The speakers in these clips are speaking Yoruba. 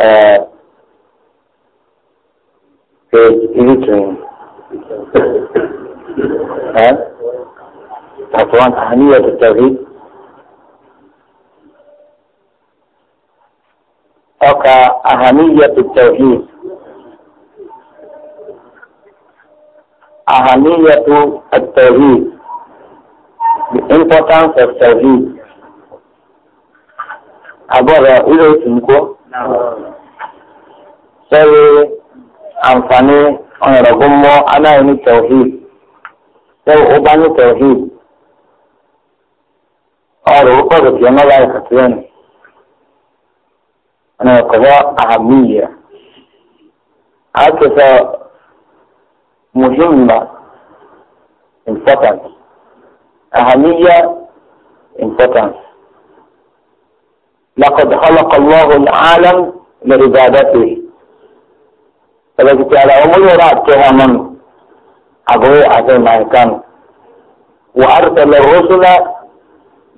uh, page 18 عنوان أهمية التوحيد أوكا أهمية التوحيد أهمية التوحيد the importance of tawhid abọ́ra ilé ìsìnkú. lórí àǹfààní ọ̀rọ̀gún mọ́ aláìní tẹ̀wọ̀hìd lórí ó bá ní tẹ̀wọ̀hìd ọ̀rọ̀ ó pọ̀jù kí ọmọ láì kàtúrẹ́nì ọ̀nà ìkọ̀wọ́ àhàmìyà àkẹ́sọ̀ muhimma important àhàmìyà important. لقد خلق الله العالم لعبادته Kalau kita ada umur orang kehaman, abu ada mainkan. Wa arsala rusula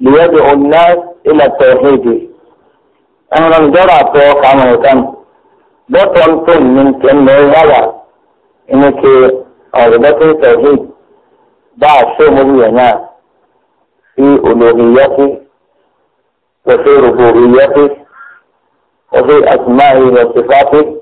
liyad'u an-nas ila tauhid. Amran jara to kamalkan. Dotun tun min kan wala. Ini ke awdatu tauhid. Da shi muliyana fi uluhiyyati wa fi rububiyyati wa fi asma'i wa sifatihi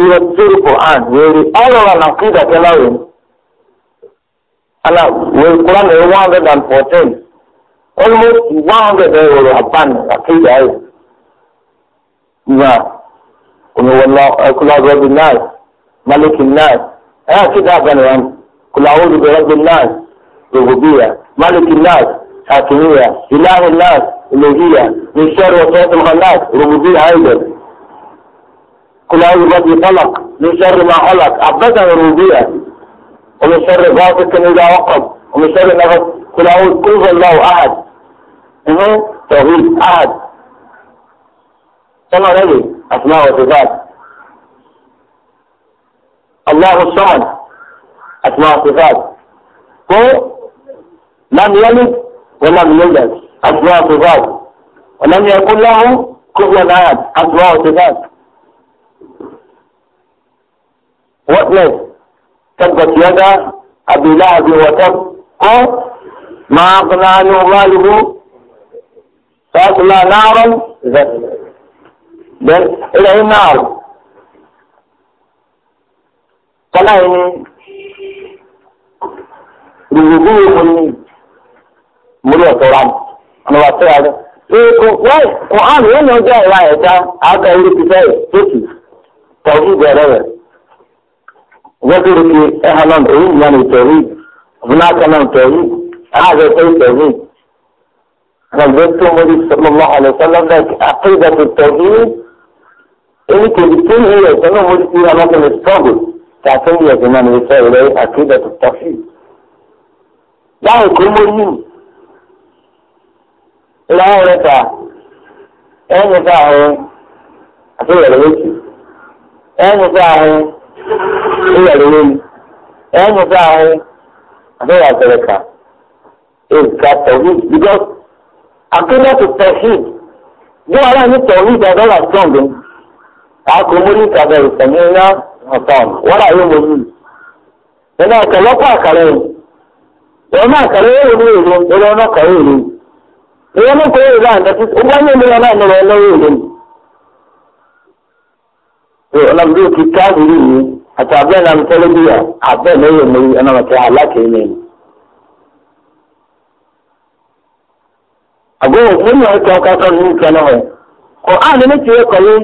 ihe zuru Quran were ọlụra na nkịda kelawe ana were Quran were 114 almost 100 e were aban na nkịda ya na kuma wala kula rabbi nas malikin nas ya kida bana yan kula wuri bi rabbi nas rububiyya malikin nas hakimiyya ilahin nas ilahiyya min sharri wa sharri al-khannas rububiyya aidan كل هذا الذي خلق من شر ما خلق عبدا وربوبية ومن شر غاسق إذا وقب ومن شر نفس قل أعوذ قل الله أحد إنه توحيد أحد ثم نبي أسماء وصفات الله الصمد أسماء وصفات هو لم يلد ولم يلد أسماء وصفات ولم يكن له كفوا أحد أسماء وصفات witness tabbat yada abi lahabi wa tab ko ma aghna anhu maluhu sayasla naran zat dan ilahi nar kana ini rubu mun muriya sauran ana ba sai ada ko wai ko an yana ga ta aka yi fitai take tauhid da rawar ذكرك أهلا بعيد يعني التوحيد هناك من توحيد هذا شيء توحيد فالبيت النبي صلى الله عليه وسلم لك عقيدة التوحيد اللي كلمتين هي كانوا مولدين على مثل الصبر تعتمد يا زمان رسالة إليه عقيدة التوحيد يعني كل مؤمن لا أين ينفع ينفع عقيدة الوجه ينفع nwere elu enwụta ahụ adịghị adịrị ka ịga tọhid bikos akụna to tọhid gịwara anyị tọhid adọla ga akụ mmiri ka bịara sanye ya ọtọm wara ya omume akara ọ̀pọ̀lọpọ̀ àkàrà ẹ̀ ọ̀nà àkàrà ẹ̀ èrò èrò ya ọ̀nà àkàrà èrò ẹ̀rọ ọ̀nà anyị èrò àǹdàtí ó bá ní ìlú ọ̀nà àná ọlọ́mọdé ti káàkiri yìí àti abẹ́ẹ̀ náà tẹ́lẹ̀ bí abẹ́ẹ̀ lẹ́yìn mi ẹ̀nà àti aláàkiri mi. àgọ́wò nínú ọ̀tọ̀ kankan ní ìkẹ́ náà kò á ní ti yẹ kọ́lé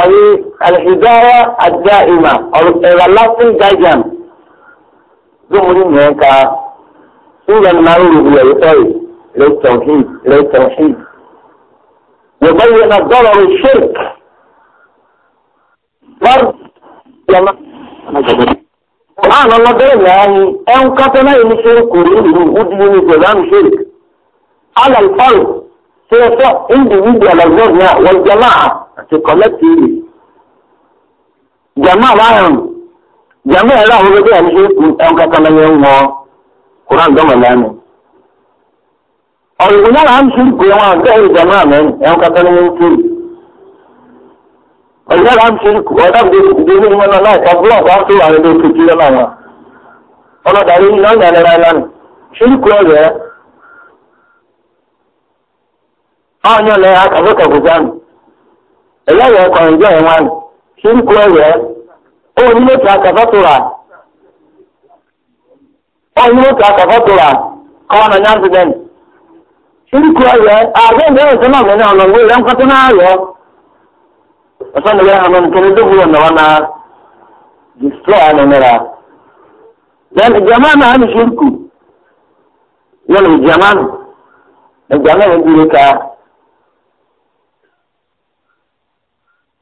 ọ̀rẹ́ alìhìdáwà àdá ìmà ẹ̀rọ láfún gáìgàn lómọdé yẹn ká ìwé máa ń rògbò ẹ̀rọ sọ̀rọ̀ lẹ́tọ̀ọ̀hìn lẹ́tọ̀ọ̀hìn. wọ́n bá baru yalla Quran Allah bẹ̀rẹ̀ láàyè ẹ̀hún kátẹ́ náà ní ṣeré kò rí ìlú wúdi yìí ní ṣe sọ individual ndị náà wọ́n jẹ́mà àti collective. Jàmá ọ̀yá là ń ṣe ọ̀dà gbèdé ní ìmọ̀nà náà ká búlọ̀kù á tó àwọn ẹgbẹ́ òkèjì lọ́nà na náà nà nira náà nì ṣe ní kúrò rẹ̀. ya yàn lẹ́yìn akàbọ̀kà kò jáàmù. ẹ̀yà yẹn kọ̀ ǹjẹ́ àgbẹ̀ ɛfɛ ne yɛ hama nkɛnɛ de wuyɛ na wana destroy ana mɛra then jama na hami shirku yɛn jama na jama na dire ka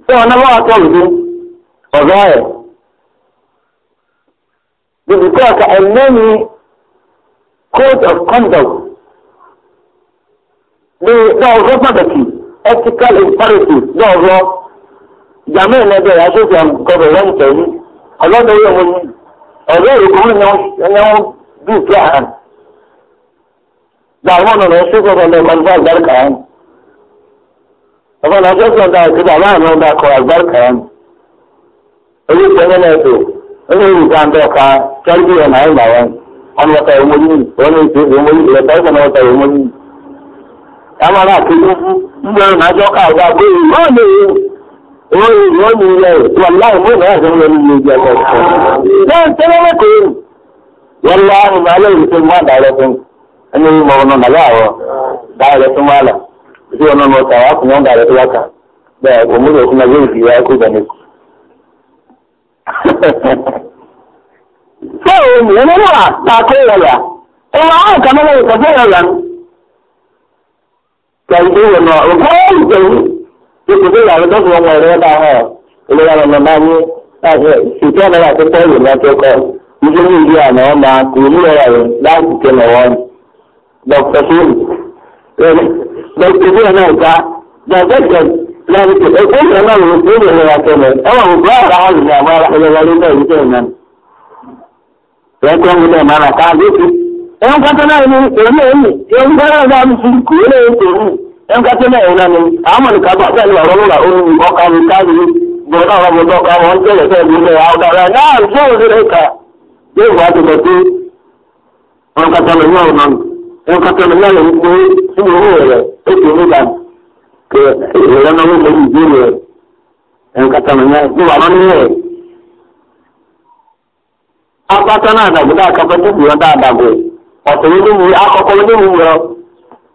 sɛ ɔna ba wa tɔlu bi ɔzɔ yɛ bibi kɔ code of conduct ní ọ̀rọ̀ pàtàkì ethical imperative ní jàmọ́ ìlẹ́gbẹ̀rẹ̀ aṣojú àgọ́bẹ̀ lẹ́yìn pẹ̀lú ọlọ́dọ̀ yóò mú ní ọ̀rẹ́ ìgbóhùn ni wọ́n bí ìfẹ́ àhàn jàmọ́ ọ̀nà ẹ̀ṣẹ́ gbọ́dọ̀ lọ máa ń bá àgbárùkà yẹn ọ̀fọ̀nà ọjọ́ sọ̀dá àti bàbá àmì ọ̀dà kọ àgbárùkà yẹn orí ìṣẹ́lẹ̀ náà tó orí ìgbà ń ká tẹ́lifí ọ̀nà wọ́n ní wọ́n ní ilẹ̀ wàláì mọ́ ìgbà àti ọmọ ìlú ìjọ ọmọ náà ń tẹ́lẹ̀ mẹ́kọ̀ yìí wọ́n lọ àrùn alẹ́ ìlú tó ń wá dàrẹ́ fún ẹni mọ̀ ọ̀nà nàlá àwọ̀ dàrẹ́ fún wàlà tí ọ̀nà mọ̀ ọ̀tà wà fún wọn dàrẹ́ tó wákà bẹ́ẹ̀ kò múlò fún ẹgbẹ́ ìdí wa kó gbẹ̀mí. ṣé òun ìyẹn nínú àtàkó ipò tó yàrá lọ́kùnrin ọmọ rẹ bá hàn olóyè ọmọ bá ní ìtọ́ ọmọ yàtọ̀ tọ́ ìwé lọ́kẹ́kọ̀ níṣẹ́ ní ìdí àná ọmọ kò ní ọ̀rọ̀ rẹ láti kẹlẹ̀ wọn. dr fúlù dr fúlù náà ká dàgbẹ́sẹ̀ láti kẹlẹ̀ ẹgbẹ́ ìrìn náà ló fún ìrìn náà kẹlẹ̀ ẹwà òkú àrà àrùn ní àmọ́ ọlọ́wọ́lé náà yìí tẹ̀ náà. ń lẹ̀ máa ká lóṣù. ẹ̀wọ̀n yan ka tana yana ni waro la o ko ka ni ka ni bo da wa bo ka wa ce da sai ni ya da ra na so ne ka ye wa ta da ku an ka ta ni waro nan an ka ta ni ya ni ko su ni waro ya e ko ni da ke ya na mu ni ji ne an ka ta ni ya ku wa ni ne apata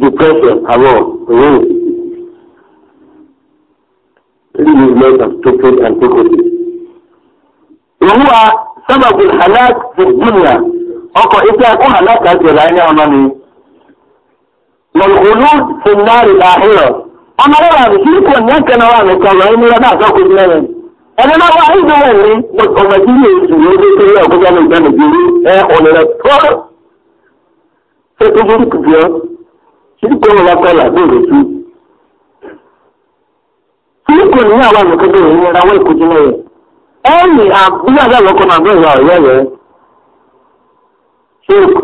depression abroad away. Three movements of stupid antiquity. Ìwúwa sábàbí halak fìdíníà ọkọ̀ ife akó halak àti ìlànà ọmọ mi. Mọ̀lùkùlù ti náàrí àhírọ̀. Ọmọ rẹ̀ àbí kí kò ní ẹ̀kẹ́ náà wà ní kọ̀ọ̀rọ̀ ẹni rẹ̀ náà sọ́kùn ní ẹ̀rẹ̀. Ẹni náà wà ní ìdíwẹ̀ ní ọmọ ìdílé èsì ní ojú kiri ọ̀gbọ́n ní ìgbà nìgbèrú ẹ̀ ọ̀nà rẹ̀ tó. Ṣé ojú rí kùkù ọ́? kíkó wọn kọlà bóòlù sí. kíkó ní àwọn àgbẹ̀kọ́ tó rẹ̀ nira wọ́n ìkójú náà yẹ. ẹ̀yìn àbúrò àgbẹ̀kọ́ náà bẹ̀rẹ̀ wà ọ̀yẹ́ rẹ̀. ṣéèkù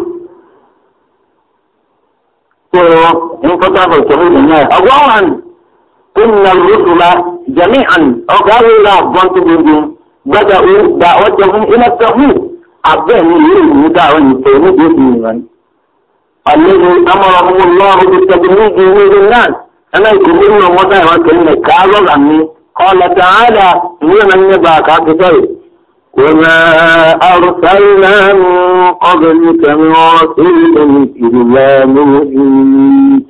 tó rọ ní kọ́tà bọ̀ tó rẹ̀ nìyẹn. ọgbọ́n wa ni kó nà lóṣùlá jẹ̀mí àná ọ̀gá rẹ̀ rà bọ́n tó gbogbo gbọ́dọ̀ ó da ọjọ́ fún ilẹ̀ tó hù àbẹ́ẹ̀ ni yóò الذي أمرهم الله بالتبليغ من الناس أنا يقول لهم متى وكلمة كاظم عني قال تعالى من النباك كتير وما أرسلنا من قبلك من رسول إلا نوحي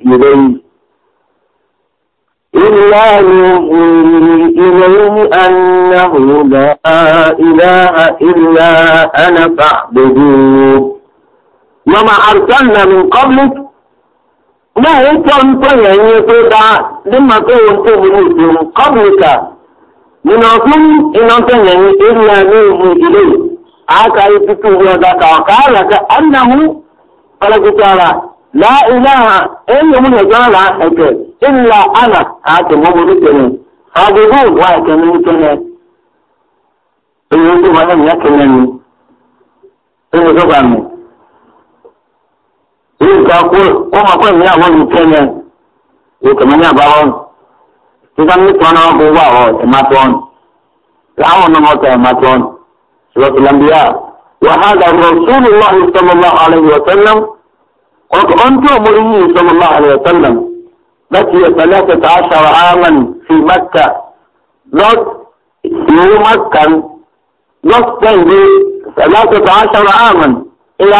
إليه إلا نوحي إليه أنه لا إله إلا أنا فاعبدوه mama arsalna min qablik bẹ́ẹ̀ ń tọ́ ń tọ́ yẹn ń yẹ pé ká dín máa tó ohun tó burú ìṣòro kọ́bùlìkà nínú fún iná tó yẹn ń èrí ya ní ìlú ìdílé àáka ìtútù wọn dáka ọ̀ká àlàkà annahu ọlọ́kùtara láìláha ẹ̀yìn mú nìkan là ẹ̀kẹ́ ìlà àlà àti mọ́mọ́ nìkẹ́ni àgbègbè wà ẹ̀kẹ́ni nìkẹ́ni èyí tó wà lẹ́nu yà kẹ́ni ẹni ẹni tó bá mi nígbà kó kó máa kó ìyá àwọn olùkẹ́ yẹn yóò kẹ̀mí ní àbáwọ̀ nígbà ní tí wọn náà kó wà ọ̀ ẹ̀ máa tọ́ ọ̀nù láwọn ọ̀nà mọ́ta ẹ̀ máa tọ́ ọ̀nù ṣùgbọ́n lambia wàhálà rọ̀ṣúlù láhùn sọlọ́lá àlẹ́yìn ọ̀sẹ́lẹ̀m ọ̀kọ̀ ọ̀ntún ọmọdé yìí sọlọ́lá àlẹ́yìn ọ̀sẹ́lẹ̀m láti ẹ̀sẹ̀lẹ̀ kẹta aṣara àmàn fi mẹ́ta lọ́t ìlú mẹ́kan lọ́t sẹ́yìn bí ẹ̀sẹ̀lẹ̀ kẹta aṣara àmàn ìlà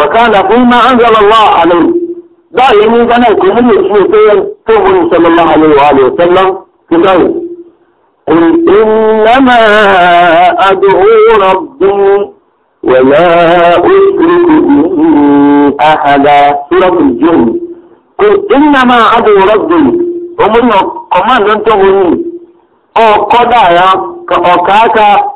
وكان فيما أنزل الله عليه دائما كان كل شيء تقول صلى الله عليه وآله وسلم كذلك قل إنما أدعو ربي ولا أشرك به أحدا سورة الجن قل إنما أدعو ربي ومن كمان أنتم أو قضايا أو كاكا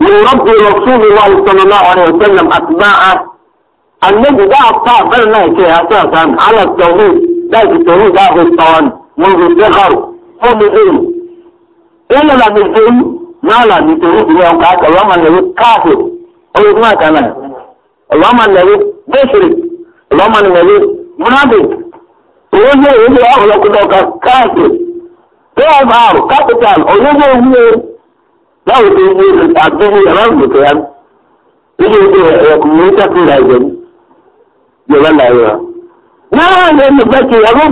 من رب رسول الله صلى الله عليه وسلم أتباعه النبي ده أطاع بلنا شيء أساسا على التوحيد ده التوحيد ده الطوان منذ الصغر قوم العلم إلا لم العلم ما لا التوحيد اليوم قاعد اللهم الذي كافر أو ما كمان اللهم الذي مشرك اللهم الذي منافق ويجي يجي أغلق كافر تعب عارف كابتال ويجي يجي láwọn tó ń gbé àgbẹ̀wò aláwọ̀ tó yá nínú ìgbé ẹ̀kùnrin ihe sàkóso àìjẹ́ yorùbá láyé wa. náà ní àwọn ìgbà yóò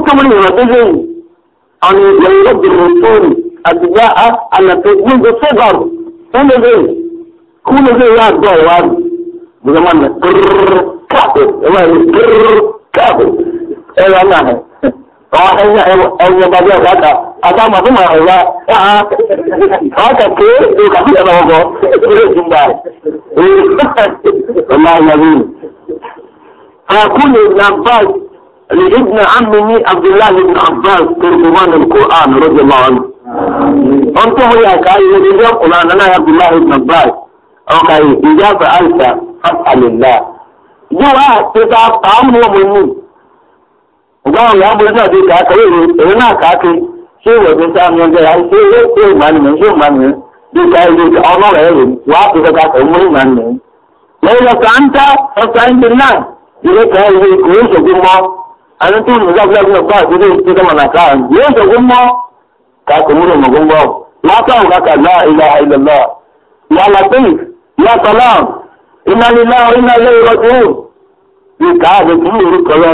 fóònù àtàwọn àti màá ẹ̀rọ àwọn kàkó òkàkó ìyàrá ọgọ ìdílé ìjùmbà ọmọ ayàwó àkúlẹ̀ nàbàs لابن عمي عبد الله بن عباس ترجمان القرآن رضي الله عنه أنت هو يا كاي الذي يقول أنا عبد الله بن عباس أو كاي إذا فعلت فاسأل الله جوا تتعب طعام ومنون وقال يا أبو الله دي كاكي إيه ناكاكي tí ìwé tó ń sá mi ọjọ́ yàrá ṣé yóò ṣe ìmánìyàn ṣé ìmánìyàn bí ká ilé ọmọ rẹ̀ rè wá fi kọ́ka kò mú ìmánìyàn. lẹ́yìn ọ̀sán ń tá ọ̀sán ń dín náà ilé kan ilé kò ń ṣògbó mọ́ àti tí ìmúlá fúlàfúlà fún àtúndé tó tọ́ mọ̀nà káà yóò ṣògbó mọ́ ká kò mú ìmọ̀gbọ́n bọ̀. látàn kàkà náà ilà ilẹ̀lá yàrá pé yàtọ̀ náà ìmánilá iná ilé ìrọ̀jú ìkà àti tí ìrúkọ̀ lọ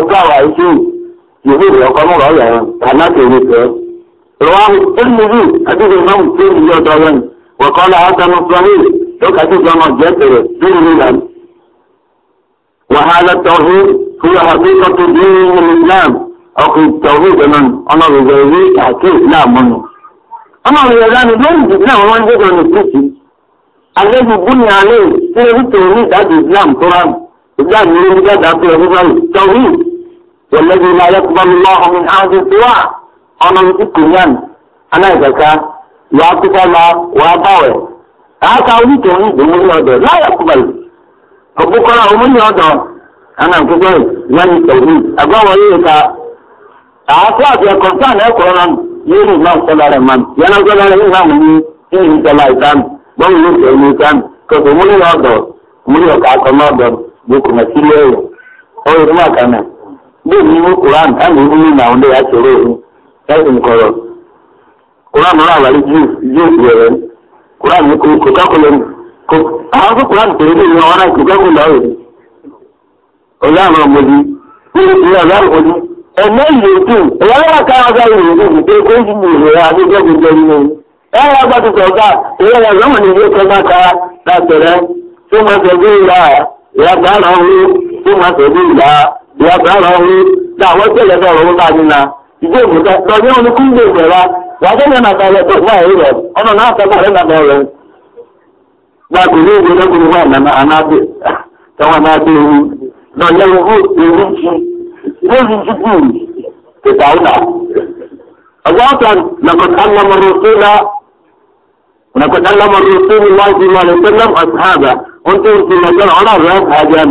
رواه الترمذي حديث الإمام الترمذي أيضا وقال هذا صحيح لو حديث الإمام جابر بن وهذا التوحيد هو حقيقة دين الإسلام أو التوحيد من أنا الزوجي تحكيه لا منه أمر الإسلام دون الإسلام ومن جد أن الكتب الذي بني عليه هي التوحيد هذا الإسلام قرآن الإسلام يريد أن يقول التوحيد والذي لا يقبل الله من أحد سواه ọnụ nkunyan anaghịkwa ya akwụkwọ ma wee gbanwe ka aka wike onye igbo mmiri ọdọ laya kwụbalị ọkpụkọrọ omiri ọdọ ana nkwụkwọ ya ni tawhid agbanwere ya ka àti àti ẹ̀kọ́ tí àwọn ẹ̀kọ́ ọ̀rọ̀ yìí ní náà sọ́dọ̀ rẹ̀ máa yẹn náà sọ́dọ̀ rẹ̀ nígbà mú ní ìlú ìjọba ìtàn bọ́ọ̀lù ló tẹ̀ ní ìtàn kòtò múlẹ̀ ọ̀dọ̀ múlẹ̀ ọ̀kà akọ n'ọ̀dọ̀ gbogbo ní àwọn ẹ̀ǹkọ̀rọ̀ kuran náà wà ní yóò bẹ̀rẹ̀ kuran ní kò kákulẹ̀ kò àwọn fún kuran tó ní ìwọ̀n wọn kò kákulẹ̀ láwùjọ ọ̀yá àwọn ọmọdé nínú ìwé ọ̀yá ọmọdé ẹ̀mẹ́ ìyókù ẹ̀yà wà ká kó yí mi gbogbo ìwé ìgbé òmùdá lọ́jọ́ òun kú ìgbé ìgbẹ̀rá wàjẹ́ ní àmàta rẹ̀ tó wà èrò ọ̀nà náà sọ́kọ̀ rẹ̀ nàbọ̀ rẹ̀ gbàgbé ní ìgbé lọ́gbọ̀n wà nàmà ànábì tọ́wọ́n náà dé ewu lọ́jọ́ òun ewu ti lórí jíjù tètà ọ̀nà. ọ̀gbọ́n kan nàkọ̀tà lọ́mọrọ̀ sílá nàkọ̀tà lọ́mọrọ̀ sílá láti wà lè tẹ́lẹ̀ ọ̀sáàbà wọ́n tó ń ti lọ́jọ́ ọ̀nà rẹ̀ àjẹm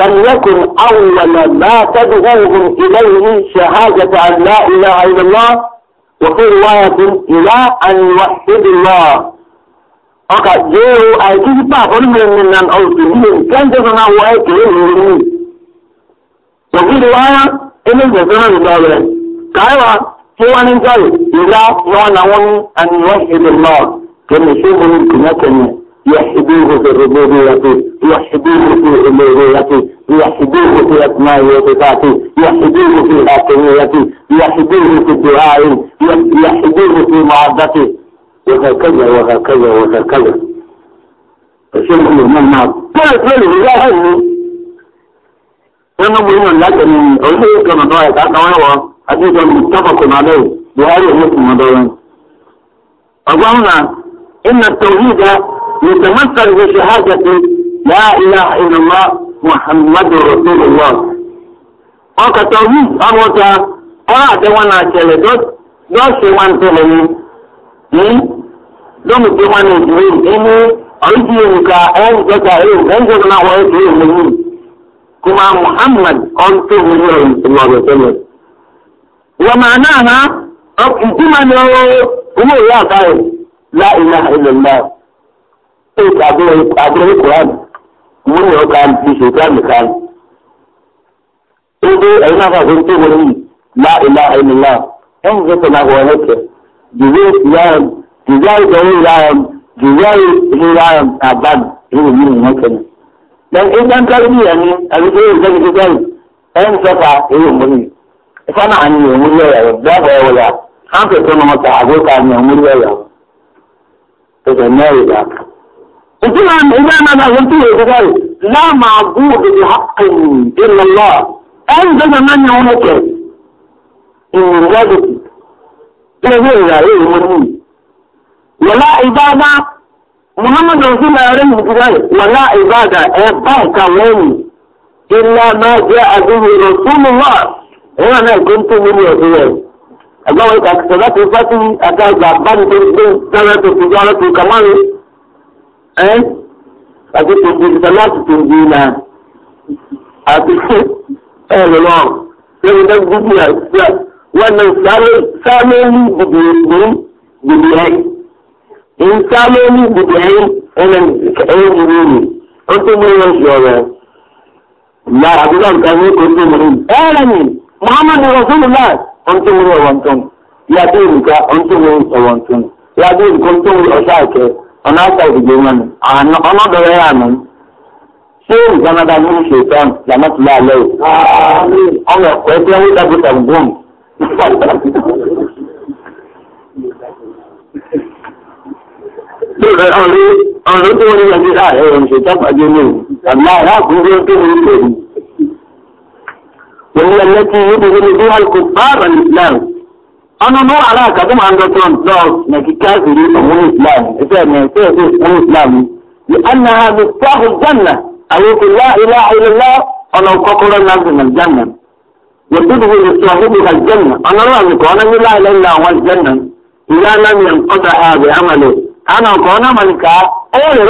فليكن أول ما تدعوهم إليه شهادة أن لا إله إلا الله وفي رواية إلى أن يوحدوا الله ọkà jẹ́ o àìkíkí pa àfọ́nmẹ́rin ní ọ̀sẹ̀ nílé kẹ́ńtẹ́ sọ́nà wọ ẹ̀kẹ́ ìlú ní. òkìlì wáyá ilé ìjọsìn náà lọ rẹ̀ káyọ̀ tí wọ́n ní jọ́rì ìlà wọn làwọn àníwọ̀n ìdè náà kẹ́mi ṣé mo ní kìnnìkan yẹn yẹ ìdí ìhòòhò ìdè ìdè yàtọ̀ yẹ ìdí ìhòòhò ìdè ìdè yàtọ̀. يحدوه في أسمائه وصفاته يحدوه في حاكميته يحدوه في دعائه يحدوه في معدته وهكذا وهكذا وهكذا فشيخ من النار قلت له لا هذه أنا مهم لكن أولئك كما ضايت أكواه متفق إن التوحيد يتمثل بشهادة لا إله إلا الله muhammadu rasulullah ọkàtà wí àwọta ọ̀rọ̀ àtẹwọn náà ṣẹlẹ̀ dọọsẹ wọn tẹ́lẹ̀ ni yìí lọmùtẹ wọn náà ìdílé ìdílé ọyíjì ìrùkà ẹ̀yìn kẹta ẹ̀yìn náà wọ́n ti rìn lẹ́yìn kuma muhammad ọ̀ntẹ́ wọlé ọ̀rọ̀ wọ́n máa náà ni owó ìyá ilẹ̀ náà múnyàn kan bí ṣètàn nìkan. ó dé ẹ̀yin náà fà fún tóbi ní la ìlà ẹni náà ẹ̀ ń fẹ́ tẹ̀lé àwọn ẹ̀kẹ́ jùlọ ìyá ẹ̀ jùlọ ìdánwò ìyá ẹ̀ jùlọ ìyá ẹ̀ àbáàdì ìwé mi nìyẹn kẹ́ni. dan in dan karbi ya ne a rike yin zai fi gani ɗayan saka yin muni sana an yi muni ya yau da ba yawa an fi tuna masa abokan ya muni ya yau ta zai na yi da وطبعا إذا ما قلت له لا معبود بحق إلا الله أين ده من يونك إن الغد تغير رأيه مني ولا عبادة محمد رسول الله عليه وسلم ولا عبادة إباك وين إلا ما جاء به رسول الله وأنا كنت من يسير أقول لك أكثرت فتي أكاد أبان تنسي سنة تجارة كمان ẹ́ eh? àti gbogbo ìta láti tó gbé náà àti ẹ̀ lọ́wọ́ lórí náà gbogbo àti wannan saloli gudunin gudunai in saloli gudunai wannan kaɗan guru ne an tó mẹ́rin ṣọ̀rọ̀ la àdúrà nǹkan ní ojú mẹ́rin ẹ̀rọ ni muhammadu rasulullah an tó mẹ́rin ọ̀wọ̀ntún yàtọ̀ nǹkan an tó mẹ́rin ọ̀wọ̀ntún yàtọ̀ nǹkan tó mẹ́rin ọ̀ṣà kẹ́ ọ̀nà àṣà ìdìbò wọn ni ọ̀nà ọ̀dọ̀rẹ́ yà mọ́ ṣé nǹkan náà dáa nínú ṣètọ́n làmọ́tìlá alẹ́ o ọmọ ẹ̀kọ́ ẹgbẹ́ wọn dàbí tàbùbọ́n. Bẹ́ẹ̀ ọ̀rẹ́ ọ̀rẹ́ tó wọlé yẹn ti rà ẹ̀rọ ìṣètọ́ pàdé ní o àmọ́ àwọn àkùnrin tó wọlé lè rí. Wọ́n yẹ lẹ́tí yóò ọnụ nụ ala ka dị ma ndọtọ ntọọ na kika ziri ọmụmụ islam ese na ese ese ọmụmụ islam yi anna ha bụ tọhụ janna ayyuka la ilaha illallah ọnụ kọkọrọ na dị na janna yadda hu da sahibu ha janna ọnụ nụ ala ka ọnụ nụ la ilaha illallah wa janna ila lam yanqata ha bi amali ana ka ọnụ amali ka ọ ne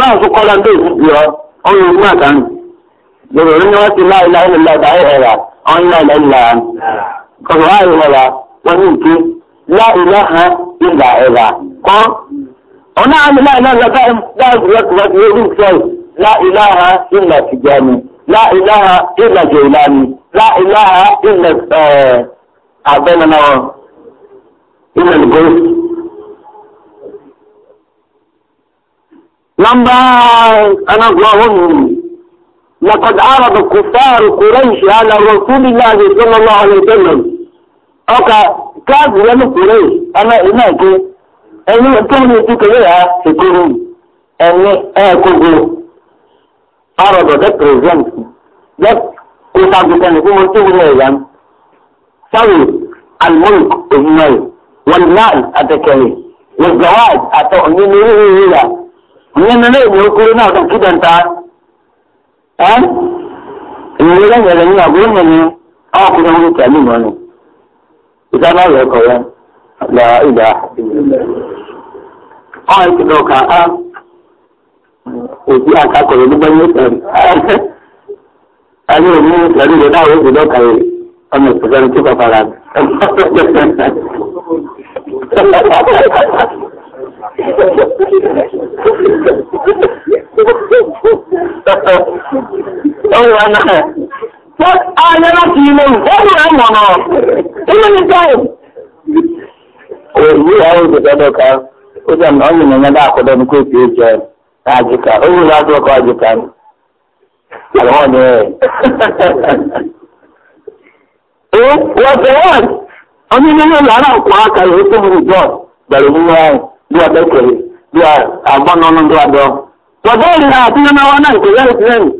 ba su kọla la ilaha illa illa ko ona ami la ilaha ka da gura kuma ne ru la ilaha illa tijani la ilaha illa jailani la ilaha illa eh na illa gof lamba ana gwa لقد عرض كفار قريش على رسول الله صلى الله عليه وسلم أوكا káàdì rẹ nìkúrẹ́ ọ̀nà iná ìgbé ẹni tó ń retí kéré yà ṣèkúrú ẹni ẹ̀ẹ́kógó ọ̀rọ̀dọ̀ dẹ́ pírẹ́sẹ̀ǹt dẹ́ kóṣàgùsẹ̀ǹt fún wọn tó wúlò ẹ̀yà sáwì alimọ́lùk òhùnmáyì wọn náà àtẹkẹ̀rẹ̀ wọn gbàwáàd àtọ ọ̀nyẹ́ ní orí rí rà ọ̀nyẹ́ nínú èmi okúrú náà ọ̀dọ̀ kídẹ̀ ntá ẹ̀ ìwé lẹ́yìn ẹ̀rẹ̀ ní àgbọ̀n mẹ́rin ọ̀kúrẹ́ wọn kẹ́lí mọ́ni ìdáná rẹ̀ kọ̀ rẹ̀ là ìdá. Àwọn ìṣẹ̀lẹ̀ ọ̀kà á òbí àkàkọ̀rọ̀ nígbà yóò tẹ̀lé. Ayé òní ìṣẹ̀lẹ̀ ìdè náà òbí lọ́kà rẹ̀ ọmọ ìṣẹ̀lẹ̀ tó kọ̀ fara. Ọ̀rọ̀ náà. anya láti ilé ìwọ́n rẹ̀ mọ̀nà ilé ní táyì. Òwú àwọn òṣèlú kan ó na ọ̀nà ọ̀yìn ìyẹn dá àkọ́dọ́ ní kóòtù ìjọ àjùkà ó wù láti ọkọ̀ àjùkà ni. Àwọn ni ẹ̀. Ó wọ́n fẹ́ wọ́n ọmọ ilé yóò lára ọ̀pọ̀ àkàrà ó tóbi ìjọ bẹ̀rẹ̀ nínú ẹ̀ bí ọ̀dẹ́kẹ̀rẹ̀ bí àgbọ̀nà ọ̀nà ọ̀dọ́. Wọ́n bẹ́ẹ̀ ni àti nínú àwọn náà ìpínlẹ̀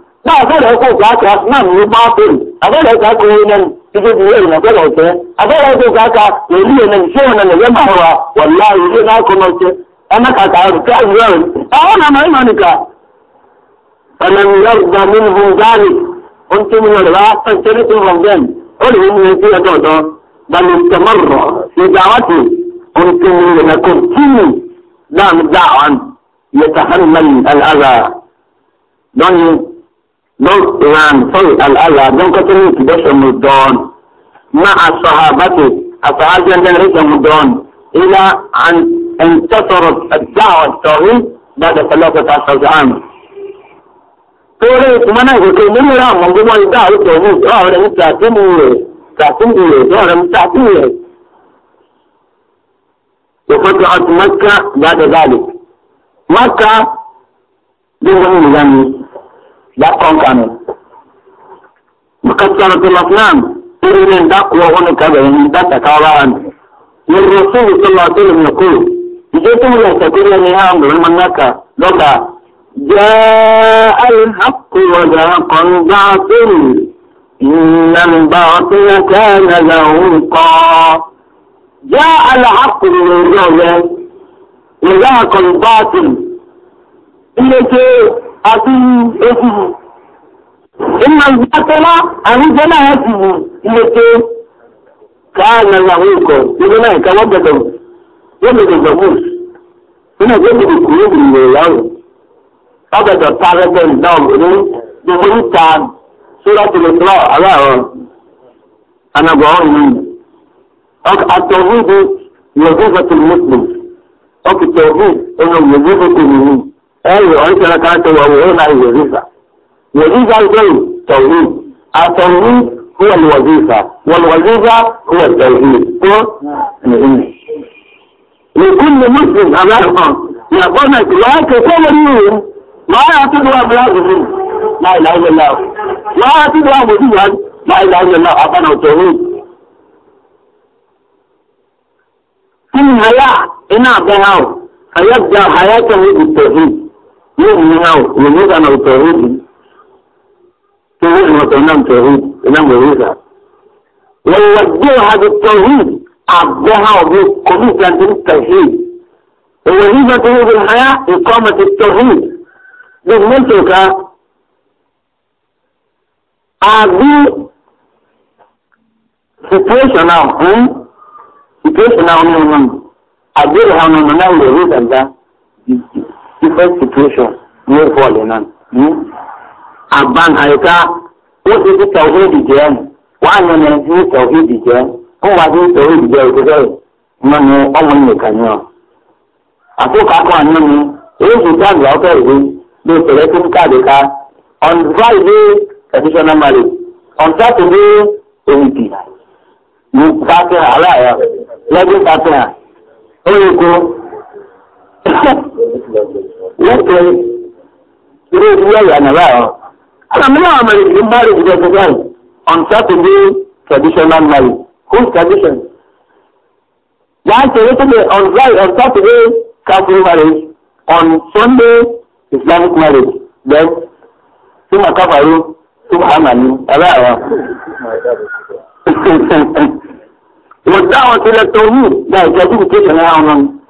na agaghị ekwe oge aka na mgbe apụrụ agaghị ekwe aka onye nne m ike bụ ihe na ọbịa ọzọ agaghị ekwe oge aka na eli ya na isi ọna na ya ma hụra wala ihe na-akụ n'oche emeka ka arụ ka azụ ọrụ ahụ na amaghị mmadụ ka ọna m ya rụba mmiri those ran sorry al'ala don continue to dash mu don ma ashabati ashabi dan rike mu don ila an انتصرت الدعوة التوحيد بعد ثلاثة عشر عاما. Tóore ìtumọ̀ náà kò ní ìlú àwọn ọmọ ọmọ ìdá àwọn tòun tó àwọn ẹni tààtìmù rẹ̀ tààtìmù rẹ̀ tó àwọn ẹni tààtìmù rẹ̀. Òkòtò àti Mákà gbàdọ̀ báàlì. Mákà bí wọ́n ń lọ ní لا دقون كانوا مكسرة الأصنام إذن دق هنا كذا إن دق كوان للرسول صلى الله عليه وسلم يقول جئتم لا لتكون نهام من مكة لولا جاء الحق وزهق الباطل إن الباطل كان زهوقا جاء الحق من للرجل وزهق الباطل إن adịghị ezighị mma nzatela ahụje na ha ziri ilete ka a na ka nwụkọ ebe na nke nwa gbọdọ gbọdọ gbọdọ ina gbọdọ kuru bi ne yawo ọgbọdọ tare bẹ nda ọgbọdọ gbogbo nta sura tẹlẹ tẹlẹ ala ẹrù ọ̀nkẹ́rẹ́ ká tó wà wọ́n náà wọ̀zífà wọ̀zífà jẹ́ tọ̀wí àtọ̀wí wọ́n wọ̀zífà wọ́n wọ̀zífà wọ́n tọ̀wí tó nìyí. nìkún ni muslim amẹ́rìkan ní àkọ́nà tí wàá kékeré wọn ní ìwé wàá yà tó wà bùrọ̀ àbùrù láìláì lọ́la wàá yà tó wà bùrù wà láìláì lọ́la àbànà tọ̀wí. kí ni hayá iná àbẹ̀hà ọ̀ hayá gba hayá tọ̀wí ìtọ̀wí. يؤمنوا يؤمنون بالتوحيد توحيد وتنام توحيد تنام ويوسع ويوجهها بالتوحيد عبدها وبالكمية بالتوحيد ووظيفته بالحياة إقامة التوحيد بالمنطقة هذه situation now hmm? situation now no no أديرها من منام ويوسع different situation ní ìfọ̀lẹ̀ náà àbán àyíká ó ti fi tàwọn ìdíje ẹ̀ wọ́n á yan ní ẹni ní tàwọn ìdíje ẹ̀ wọ́n wá sí tàwọn ìdíje ẹ̀ tó bẹ́ẹ̀ mọ́ ni ọmọ yìí nìkan ni ọ. àtúkà kan àná ni èyí ti tán ìyá ọkọ ìwé ló tẹ̀lé tó ń káàdì ká on friday traditional marriage on saturday oyinbi ní sáfẹ́ àlàyé lẹ́gbẹ̀ẹ́ sáfẹ́ à ó yẹ kó lọ́pẹ́ ilé ìdílé ẹ̀yà nàrà ọ̀. Àlàmúlò àwọn ọmọ ìdílé marriage ìjọ tó gbà on Saturday traditional marriage. Whose tradition? Yàá tẹ̀lé tó on Friday on Saturday Catholic marriage on Sunday Islamic marriage. Then tí mà kábàárò tí mà hàmà ní ẹ̀rọ àwọn. Wọ́n dáhùn sílẹ̀ tó wù náà ìjọba ìdílé ṣẹ̀lẹ̀ àwọn náà.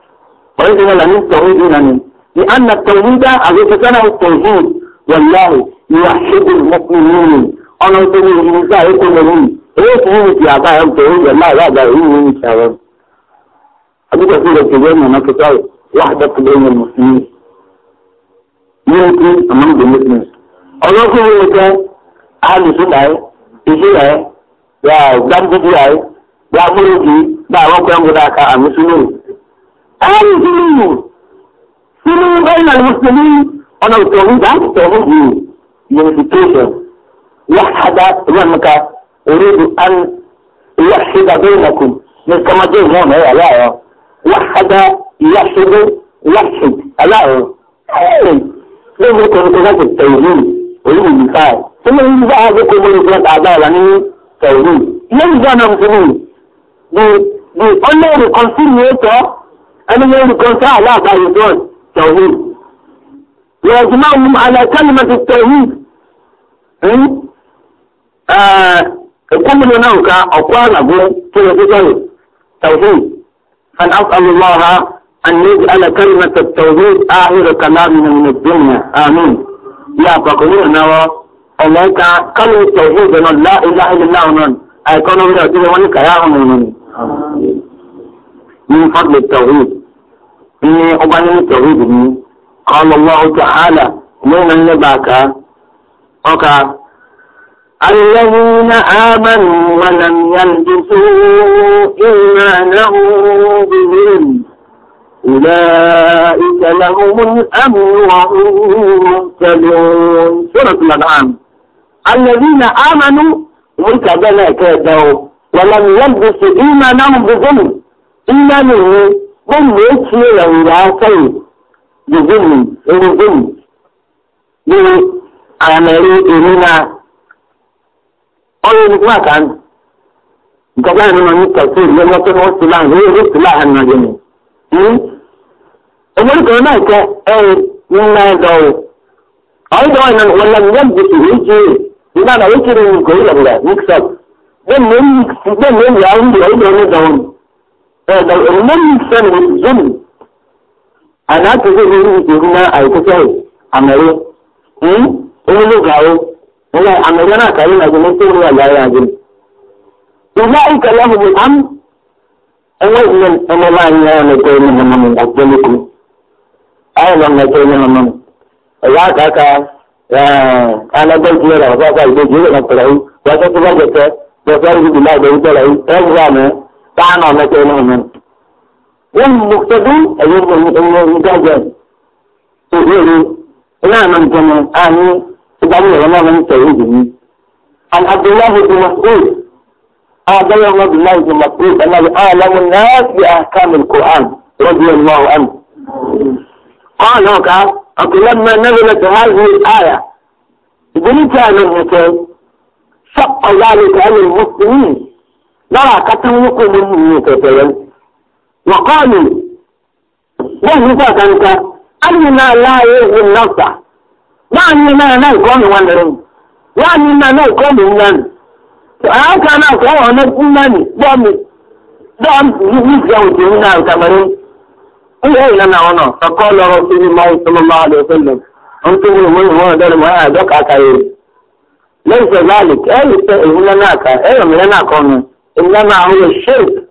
وإذا لم التوحيد إنني لأن التوحيد أغيثنا التوحيد والله يوحد المؤمنين أنا أقول لك يقول لي إيه تقول يا أبا التوحيد لا لا لا هو إن شاء الله أبيك أقول لك جميع ما تقول وحدة بين المسلمين unity among the Muslims ọlọ́kùnrin nìkan alùsùnà ẹ̀ ìṣúra ẹ̀ yà gbàǹdùdù ẹ̀ gbàmúròkì gbà àwọn kẹ́ńgùdà ká àmì sùnúrù. أنزلوا سلوا بين المسلمين أنا التوحيد عن التوحيد unification وحد رمك أريد أن يوحد بينكم مش كما جاي هون هي لا وحد يوحد يوحد لا ليه بكم كذا التوحيد أريد النفاق ثم ينزع بكم الإسلام أعداء يعني توحيد ينزع مسلمين the the only reconciliator أنا يقول كنت لا قايدون توحيد ويجمعهم على كلمة التوحيد كل نوكا أقوال أقول كلمة توحيد فنسأل الله أن يجعل كلمة التوحيد آخر كلامنا من الدنيا آمين يا فقولنا الله كلمة التوحيد لا إله إلا الله أيكون من أجل ونكا يا من فضل التوحيد ní ọba nínú tẹ̀wéèdì ni kọ́lọ́lọ́ ọjà àlà الذين آمنوا ولم يلبسوا إيمانهم بهم أولئك لهم الأمن وهم مهتدون سورة الأنعام الذين آمنوا ملك بلا ولم يلبسوا إيمانهم بظلم إيمانهم zan mece raura kai da zulmi irin zulmi ni àmẹ́rí èmi náà ọ̀rọ̀ ẹni kan nǹkan báyìí nínú ní kẹ̀kẹ́ ìlú ọmọ pé wọ́n ti máa ń rí rí sílá àná rẹ̀ ni. Hmm? náà kẹ ẹ nínú ẹ̀dọ̀ o ọ̀rọ̀ ìjọba ìnáwó wọn lẹ́nu yẹn bí ìwé jẹ́ ìnáwó kiri nǹkan ìlọ̀rọ̀ mix up bẹ́ẹ̀ ni ó ń yà ń bọ̀ ọ̀rọ̀ لو المهم كان بالجن أنا أتذكر من هنا أي كتير عمله هم هم لقاو ولا عملنا كريم أجمع سوري ولا يعجب أولئك لهم الأمر أولئك أن الله يعلم كل من من أجمعكم أعلم كل من من الله كاكا أنا بقول لك أنا بقول لك أنا بقول لك أنا بقول لك أنا بقول لك أنا بقول لك تعالى ما تعلمون مقتدون أيضا المتاجر تقولوا لا من كان آمين تبعني لما من تعيدني عن عبد الله بن مسعود أعطي عبد الله بن مسعود الذي أعلم الناس بأحكام القرآن رضي الله عنه قال هكا أقول لما نزلت هذه الآية بنتان النساء شق ذلك عن المسلمين lọ́rọ̀ àkátá wọn kò mú ní ìkẹ̀kẹ̀ ni wọ́kọ́ọ̀lù bẹ́ẹ̀ nígbà kankan ánì náà láàyè ìwé nọ́ọ̀sà láàyè náà náà ìkọ́nù wọn lẹ́rìn láàyè náà náà ìkọ́nù wọn àáká náà kọ́ wọn ní kúmánì bọ́ọ̀mù bọ́ọ̀mù yìí jẹ́ òjò ní náà kàmẹ́rẹ́ ilé ìlà náà sí ní máa ń máa lọ إنما هو الشرك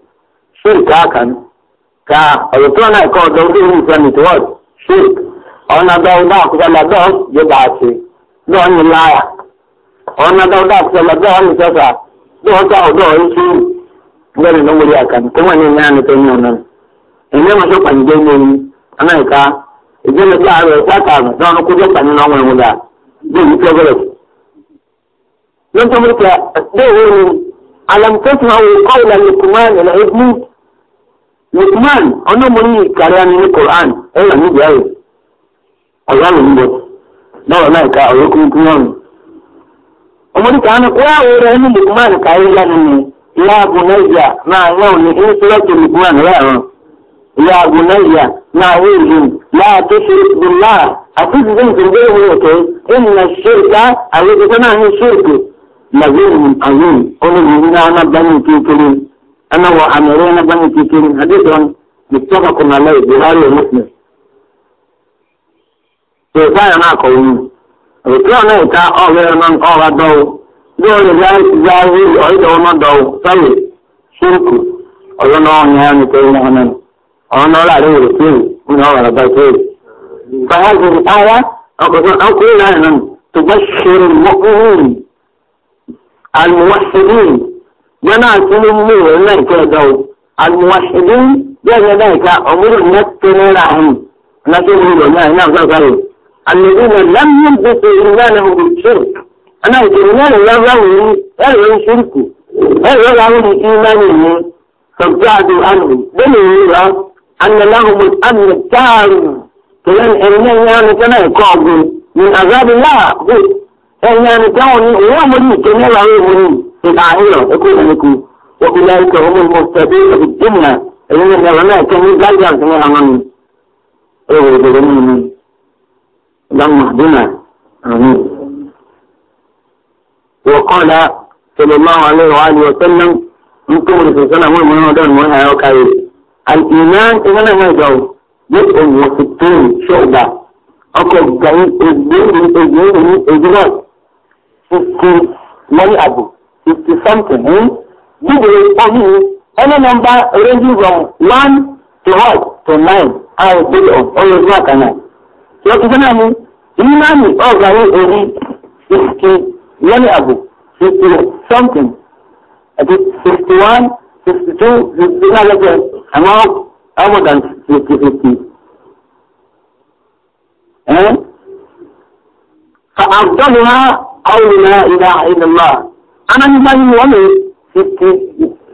شرك هكذا كأردتنا يكون دوره في المتوار شرك أنا دودا كذا لا دوه يدعسي دوه من لايا أنا دودا كذا لا دوه من كذا دوه كذا دوه يشي غير نقول يا كان كم أنا نعم تنيونا إنما شو كان جيني أنا كا إذا ما جاء وقتا دوه نقول كان نعم ولا دوه يتقبل لن تمرك دوه alam tasma'u qawla luqman al-ibn luqman ono moni karan ni qur'an e eh, la ni jaye allah ni bo na wa na ka o kun kun won omori kan ko wa o re ni luqman ka e la ni ya bunayya na ya ni in suratu luqman wa ya bunayya na wa ni la tushrik billah akuz bin bin ko inna shirka awu kana ni shirku lazim azim onu yirina na bani kikiri ana wa amere na bani kikiri hadithon muttafaqun alayhi buhari wa muslim so saya na ko wu o ti ona ta o we na ko wa do do le ya ya wi o do na do sai shirku olo no nya ni ko na na ono la re re ti uno wa ba ti fa hadhihi al-aya أو كل أن تبشر المؤمنين almuwahidin yana sunan mu wannan ke gawo almuwahidin ya ga dai ka na rahim na sunan mu na ina ga gawo alladina lam yulbisu imanahum bil shirk ana jirna da ya zawo yi yayin shirku ai ya zawo da imani ne sabjadu anhu dan ne ya anna lahum al-amn to ko min azabillah ẹ̀yàn nìkan wọn ni òun àmọ́ ní ìkẹ́ ní ẹ̀rọ àwọn èèmọ̀ ní ìgbà àhírọ̀ ẹ̀kọ́ ìrànlẹ́kù wọ́pẹ́ náà ikọ̀ ọmọ ìmọ̀ tẹ̀bí ẹ̀bí jẹ́mìnà ẹ̀yìn ní ẹ̀rọ náà kẹ́ ní gbájú àti ní àwọn ni ẹ̀rọ ìbẹ̀rẹ̀ ní ní lọ́mọ àdínà àmì. وقال صلى الله عليه وآله وسلم ممكن fifty money ago fifty something hmm? dídè omi any number ranging from one to one to nine àwọn ìpínlẹ̀ ọ̀yọ́ ìlú àkànnà yọ kí sẹ́nà mi ìlú náà mi ọ̀gá ní orí fifty money ago fifty something àti fifty one fifty two fifty three lẹ́gbẹ̀ẹ́ àwọn ọmọ dàn fifty fifty. Eh? that. قول لا إله إلا الله أنا نبني ومي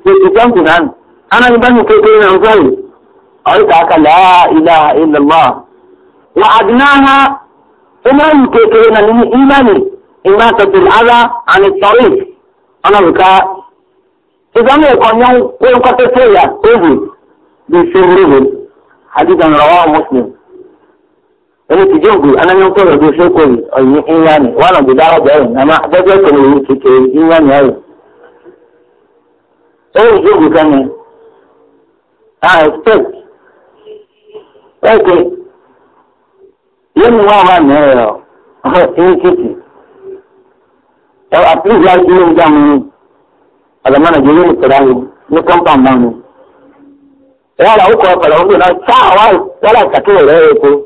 في كتاب قرآن أنا نبني كتير أنزل أريد لا إله إلا الله وعدناها وما كتير من إيماني إماتة الأذى عن الطريق أنا بكا إذا ما يكون يوم كتير يا أبي بسرور حديثا رواه مسلم wani ti jin gu anan yan kawai go sai ko yi iya ne wannan guda da amma da zai ko ne ki ke iya ne yayin sai ne a expect ok yin wa wa ne yo in kiti e a please ya ji mun da mun ala mana je yin tsarawo ni ma ne ya la uko fara na sawa wala ka to ko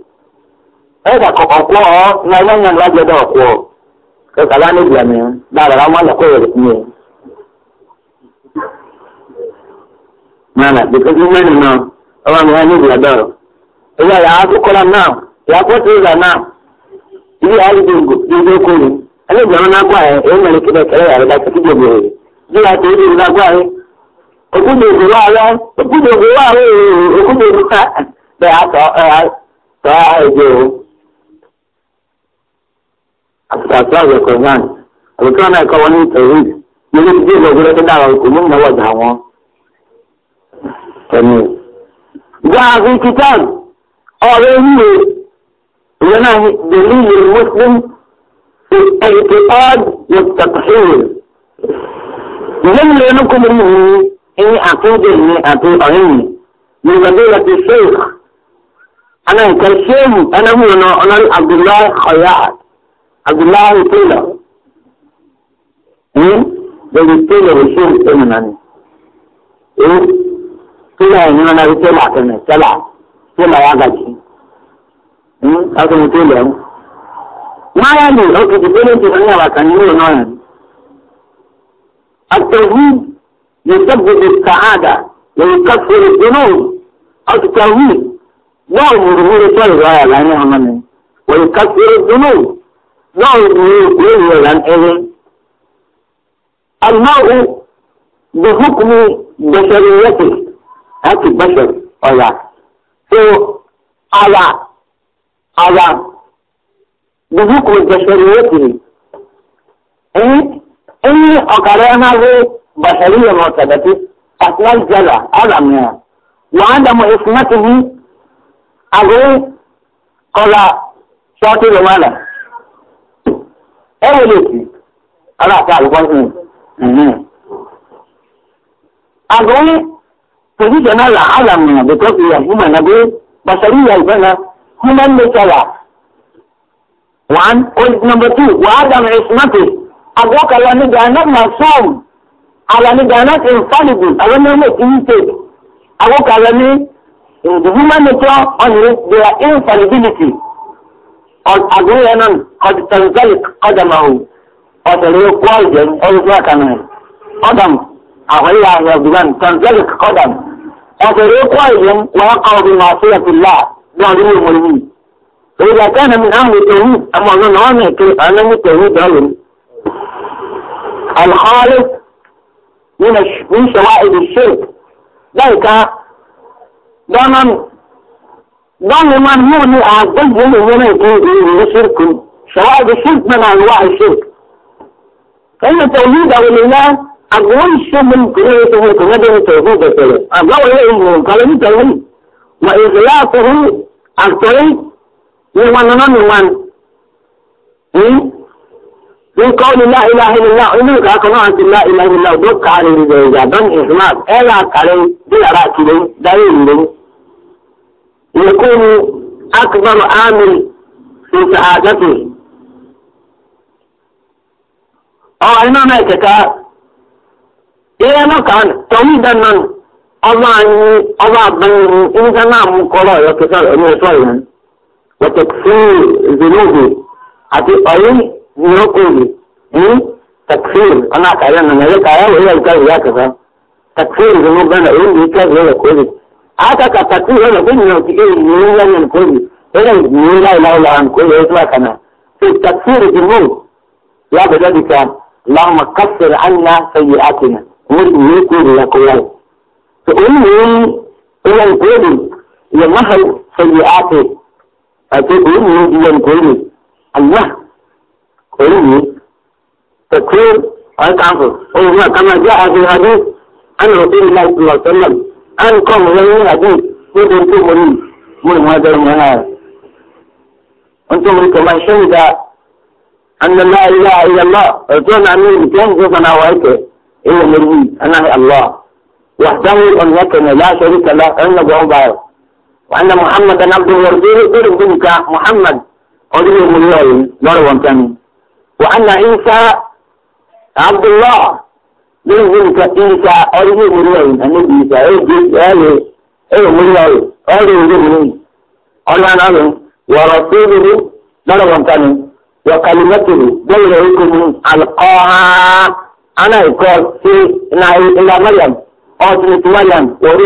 ẹ̀dà ọ̀pọ̀ ọ̀ ní ẹlẹ́yìn ọ̀lájẹ́ dẹ̀ ọ̀pọ̀ kẹta bá ní ìlànà dára ra wọn lọ́kọ̀ yẹ̀rẹ̀ fún yẹn. Mọ̀nà bìkọ́ mẹ́rin náà ọba mi wá ní dọ̀rọ̀. Ìyá náà náà ní ni. náà kọ́ ẹ̀ èyí mẹ́rin kí bẹ́ẹ̀ a àtàtà àgbẹ̀kọ̀ náà àbùkẹ́ náà ẹ̀kọ́ wọn ní ìtẹ̀wé yẹlé bí ìlú ọ̀gbẹ́rẹ́ tó dára kò ní ìnáwó ọ̀dà wọn. ẹnu gbàgbé kìtàn ọ̀rẹ́ yíyẹ ìwé náà dèlí yẹ muslim ètò ọ́d mùtàkìrì ìwé mi lẹ́nu kọ́ mi mú mi ní àkójọ mi àti ọ̀rẹ́ mi ní ìgbàgbé láti sheikh ana nǹkan sheikh ana mu ọ̀nà ọ̀nà abdullahi kọ̀yàt. عبد الله طيلة ايه زي الطيلة والشغل الثاني يعني ايه طيلة يعني انا بتلع كمان تلع طيلة يا جدي ايه هذا طيلة ما يعني لو يعني، كنت تقول انت انا كان يقول ما يعني التوحيد يسبب السعادة ويكفر الذنوب التوحيد لا يمر هو يشرب على عينيها منه ويكفر الذنوب نوع ولا إذن الماء بحكم بشريته هات البشر ولا هو على على بحكم بشريته إيه إيه أقرأنا بشرية مرتبته أثناء الجلع ألمنا وعدم إسمته أقول قال شاطر ماله enwere otu a na-ata agụgwọ mkpụ agụụ traditional ala mma because we are human basari ya human nature one or wa adam is agụọ ka ala som ala ndị ga-anọ infallible ala agụọ ka the human nature on they infallibility àgbéyẹn náà kọjú tẹ̀síkẹ́lì kọjá máa wù ọ̀sẹ̀rẹ̀ okú ọ̀jẹ̀ ọ̀rùkú àkànnà ọ̀dàm àwẹ̀yẹ àyẹ̀ ọ̀dùnmán tẹ̀síkẹ́lì kọjá ọ̀sẹ̀rẹ̀ okú ọ̀jẹ̀ wọ́n kọ́ ọ̀bí máa fúyà ti là ní ọdún ní ìmọ̀ yìí. èyí bá kẹ́ni mi náà mú tẹ̀wú àmọ́ ọ̀nà wọn ní èké ọ̀nà mú tẹ̀wú dọ́lù. alhali nínú ṣèwá ìdí ṣe وهما المغني عن قلب الأمور الكون شرك شرائع الشرك من أنواع الشرك فإن التوحيد أو الإله أقويش من كلية من كلية التوحيد الكلام أقوى إليه من كلية التوحيد وإغلاقه الطريق يوان من يوان من قول لا إله إلا الله إنك أقنعت لا إله إلا الله دك عليه بإجابة إغلاق إغلاق عليه بإراك إليه دليل إليه يكون أكبر عامل في سعادته أو أنا ما كتا إيه أنا كان توميدا من أضع أضع بني إن كان نعم كلا يكسر أن يسوي وتكفير ذنوبي أتي أي نقولي إيه تكفير أنا كأنا من هذا كأنا وهي الكلام يا كذا تكفير ذنوبنا إيه كذا يا كذا haka ka fatu yana bin yauki irin yiwuwan yan kuri irin yiwuwan laulawan kuri ya zuwa kana fi tafsir jimu ya ga dadi ka lamma kassir anna sayyi'atina mun yi kuri ya kowa to in yi yan kuri ya mahal sayyi'ati a ce in yi yan kuri Allah kuri ne tafsir an kafa o ma kama ja'a fi hadith an rasulullahi sallallahu alaihi wasallam an kọ́ mọ̀ lọ́wọ́ ní àgbò ní ohun tó mọ̀ ní mọ̀ ní wọ́n bẹ̀rẹ̀ mọ̀ náà. wọ́n tó mọ̀ ní kọ́má ṣé ń da annala ilá ilá ọ̀tọ́ náà ní ìjọ ń gbọ́n náà wáyé kẹ́ ẹ̀yẹ mọ̀ ní anáhì allah wà dáhùn ọ̀nà kẹ̀mẹ̀ láṣẹ ní kẹlá ẹ̀yẹ gbọ́n báyọ̀. وأن محمد عبد ورسوله قرب منك محمد قريب من يوم ضربا وأن عيسى عبد الله n'ewu nke ịrịka ọrụ ihe nwere ọrụ na n'obi ike oge ọrụ ewe nwere ọrụ ọrụ ewe nwere ọrụ anọghị wọrọ tụrụ lọrọ wọntanị wọkalị metụrụ gbọwere oke anaghịkọ na ịla mariam ọtụtụ mariam wọrọ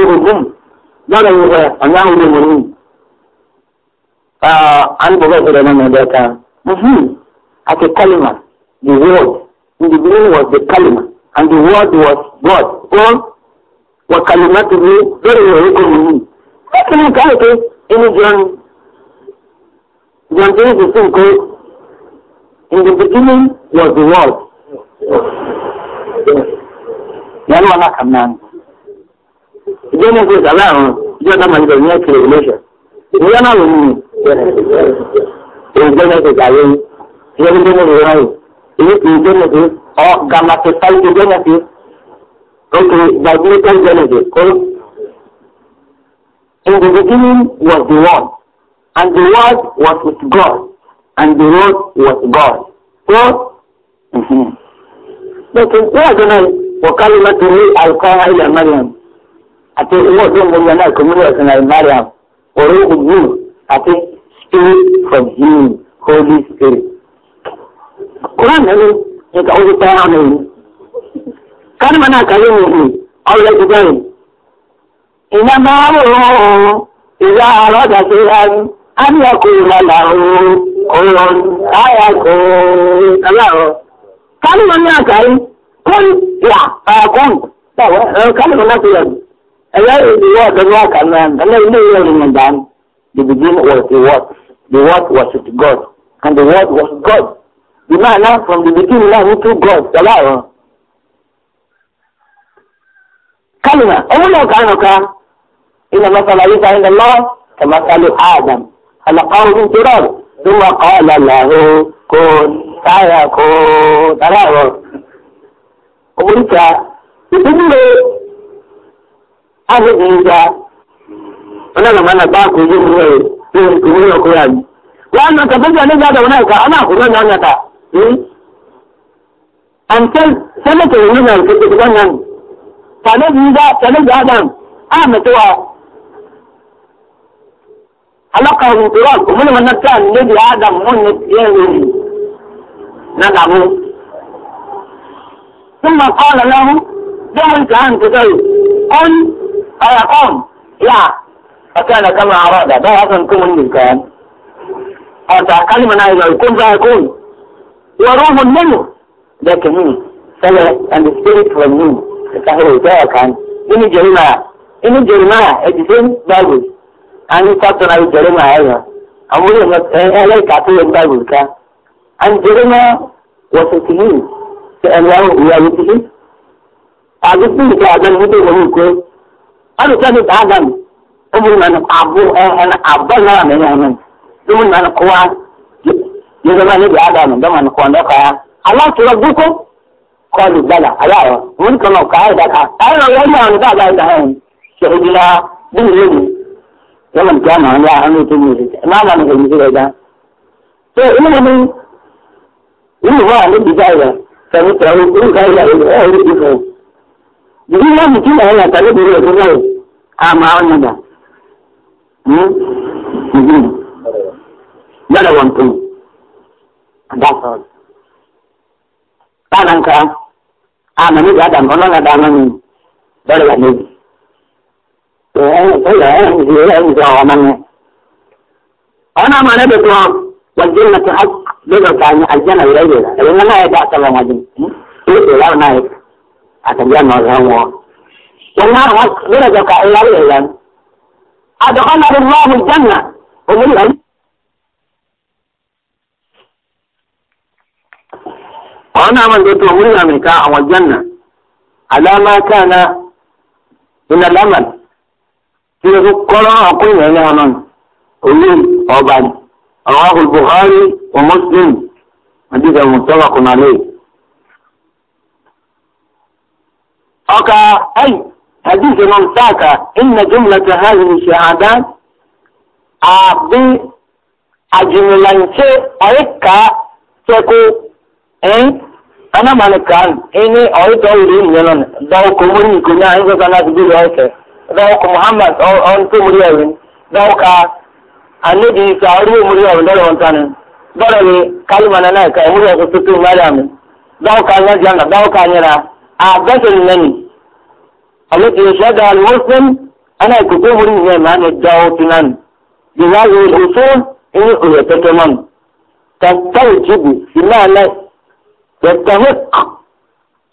na mmadụ aka mhụ akị kalima the word ndị kalima and the word was God. Òun wọ kalimatu ní lórí ìròyìn kò wù mí. Lẹ́yìn ní káyọ̀ pé inú John John three fifteen pé in the beginning was the word. Yàrá wà lákàmú náà. Ìjọ ní ìgbésẹ̀ aláàrùn ìjọ náà máa ń bẹ̀rẹ̀ ní ẹ̀kẹ́ revolution. Ìgbésẹ̀ náà wò ní ìgbésẹ̀ ìgbésẹ̀ ìgbésẹ̀ ìgbésẹ̀ ìgbésẹ̀ ìgbésẹ̀ ìgbésẹ̀ ini energy or gamma peptide is energy. Okay, magnesium is energy. Correct? In the beginning was the Word, and the Word was with God, and the Word was God. So, mm-hmm. Lọ́kì ní ọ̀dọ́ náà wọ̀kálù láti rí alukọ́ra ilẹ̀ Mariam àti ilé ọ̀dọ́ ìmọ̀lẹ́ náà ìkọ́mílì ọ̀sán náà Mariam, orí ògùn àti spirit from him, holy spirit. Quran ni nka o bɛ taa ana yi kari mana kari mu yi aw yɛ duba yi ina maa wo ila ara da se ani ani ya ko ina la o o aya ko ala o kari mana kari kun ya a kun bawo eh, eh, mana ko yan ɛyɛ ebi wɔ dɔn kan na ɛna ilé yɛ dan the beginning was the word the word was with God and the word was God. The man now from the beginning now into God, to lion. Kalima, ọmọ náà kan nìka, ilẹ̀ masala yìí sáyẹn lọ lọ, kàmásálù Adam, àlàkàwọ̀ ní Jérọ̀d, tó máa kọ́ ọ̀làlàhó kó táyà kó tàrà rọ̀. Ọmọ níta, ìdílé àgbègbè ìjà, ọlọ́run máa nà bá àkójọ ìwé rẹ̀ ní ìwé ọkùnrin àgbẹ̀. Wọ́n á nà tẹ̀fẹ́jọ́ nígbà antal sama ta yi nan kake da wannan tare da da tare da adam a mutuwa alaka mun tura mun wannan ta ne da adam mun ne yayi na da mu ثم قال له ذلك أنت قل قل أيقوم يا فكان كما أراد ده أصلا كم من كان أو كلمة نايلة يكون فيكون وروح منه لكن هنا fellow and the spirit from you ìtàkùrọ̀ ìjọba kan nínú jeremiah nínú jeremiah ẹ̀dì same bible and ìtàkùn náà jeremiah ẹ̀yọ àwọn olóyè ẹlẹ́ka tó yẹn bible ká and jeremiah was a tìlú ṣe ẹ̀lọ́wọ́ ìyàwó tìlú àdúgbò ìjọ àgbẹ̀ni wípé ìwọ̀n ìkó alùpùpù ní bàbá mi ó mú ìmọ̀ àbọ̀ náà mẹ́rin ọ̀nà ló mú ìmọ̀ kọ́wá ya zama ne da adam da man ko da ka Allah to rabu ko ko da bala ala mun kana ka da ka ai na wannan da da da hin shahidina din ne da man jama'a ya hannu to ne na ma ne ne da to ina ne ina ba ne da ya sai ta yi in ka ya ai ne ko din ya mutum yana tare da ruwa ko amma wannan da mu mu da wancan أنا أنا ما نبي توم والجنة حق لذا كان الجنة ولا غيره لأن ما يدعس الله ما جن لذا لا نايت أتجمع زهوا والنار ما لذا كان إلا غيره أدخل الله الجنة ومن wani aman da to murna mai ka a wajen nan alama kana ina laman kí ló kọ́rọ́ ọkùnrin yẹn ní ọ̀nà olú ọba àwọn olùbùhárí wa muslim àdìgbà mùsọ́lá kùnàlẹ́. ọkà ayi hadith imam saka inna jumlata hadhihi shahadat abi ajinulance ọyẹka sẹkọ ẹn ana mani kan ini oyi to wuri mu nan dawo ko mun ko na ayi ga na bi da yake dawo ko muhammad on to muri yawin dawo ka annabi ta ru muri yawin da won tan dole ne kalma na na ka muri ko tutu madam dawo ka na janna dawo ka ne na a gasin nan alati yashada al muslim ana ko ko muri ne ma ne dawo tunan bi wa yi usul ini ko ya tataman ta tawjibu ila Allah يستحق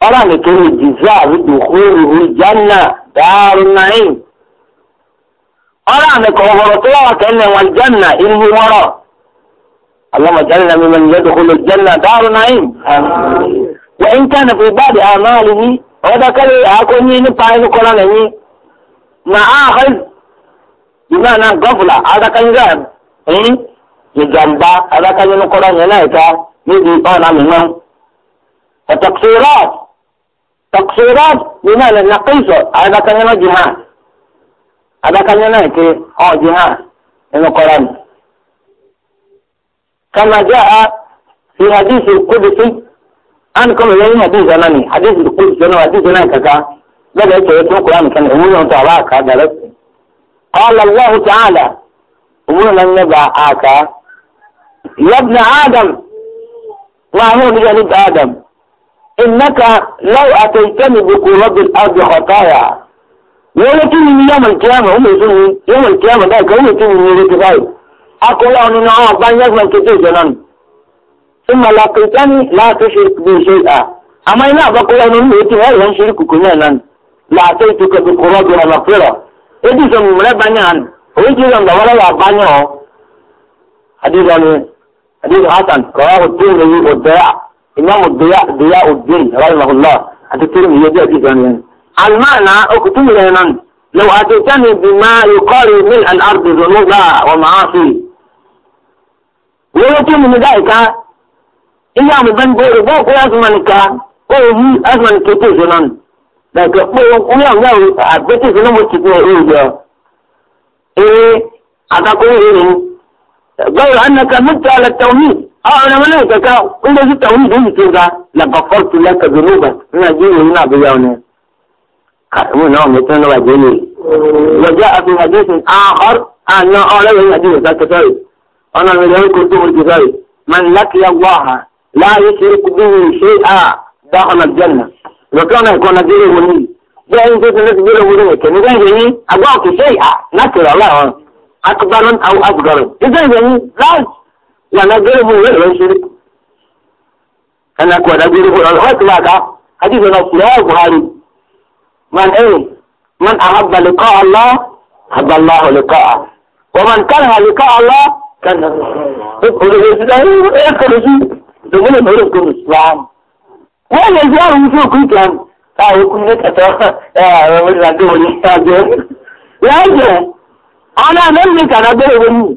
أرى لكل جزاء دخوله الجنة دار النعيم أرى لك وغرطوها كأنه والجنة إنه وراء اللهم اجعلنا ممن يدخل الجنة دار النعيم وإن كان في بعض أعماله هذا كلي أكون ينفع يقول لي معاخذ بمعنى غفلة هذا كان جاب إيه يجنبا هذا كان يقول لنا إذا نبي أنا وتقصيرات تقصيرات بمعنى نقيصة هذا كان لنا جهاد هذا كان لنا اه جهاد من القرآن كما جاء في حديث القدسي أن كما لنا حديث زماني حديث القدس أنا حديث زماني كذا بدأ يتوقع القرآن كان أمور متعباك كذا قال الله تعالى أمور من نبع آكا يا ابن آدم ما هو بجانب آدم إنك لو أتيتني بقرب الأرض خطايا ولكن من يوم القيامة هم يسمون يوم القيامة ذلك هم يسمون من الاتفاق أقول أن أنا أعطان يزمن كتير جنان ثم لقيتني لا تشرك بي شيئا أما إلا بقول أن أنا اتفاق ينشرك كنانا لا أتيتك بقرب المغفرة إذن سمو مربانيان ويجي لهم دولا لأبانيان حديث حديث حسن رواه الترمذي والدراع imam diya diya uddin rahimahullah àti tirim yedi àti jamiyan almana okutum lenan law atitani bima yuqari min al ardi dhunuba wa ma'asi wọ́n tún mi dáì ká ilé àmì bẹ́ẹ̀ bó ìbò kó asùnmọ̀nì ká ó yí asùnmọ̀nì kété ìṣúná nù dàgbẹ́ pé orí àwọn ẹ̀rọ àgbẹ̀tẹ̀ ìṣúná mo ti fún ẹ̀rọ ìjọ ee àtàkùn ìrìn gbọ́dọ̀ anaka mẹ́ta lẹ́tọ̀ míì أنا من أنت كاو إن ده ستة وين ده كذا لغفرت لك ذنوبك أنا جيني هنا بيونا كأمو نوم يتنو وجيني وجاء في حديث آخر أن لا أعلم أن حديث ذاك كاو أنا من يوم كنت الكتاب من لقي الله لا يشرك به شيئا دخل الجنة وكان يكون دينه مني جاء إن كنت لك دينه مني كان يجيني أقوك شيئا نكر الله أكبر أو أصغر إذا يعني لا wanagere mu yeye shiriki kana kwa nagere mu al-hatlaka hadithi na sura Buhari man eh man ahabba liqa Allah ahabba Allah liqa wa man karaha liqa Allah kana dogole mawrin ko Islam wala zaa mtu kuitan ah hukumeta tawa ah wala ndio ni sababu yaje ana nani kana bere wani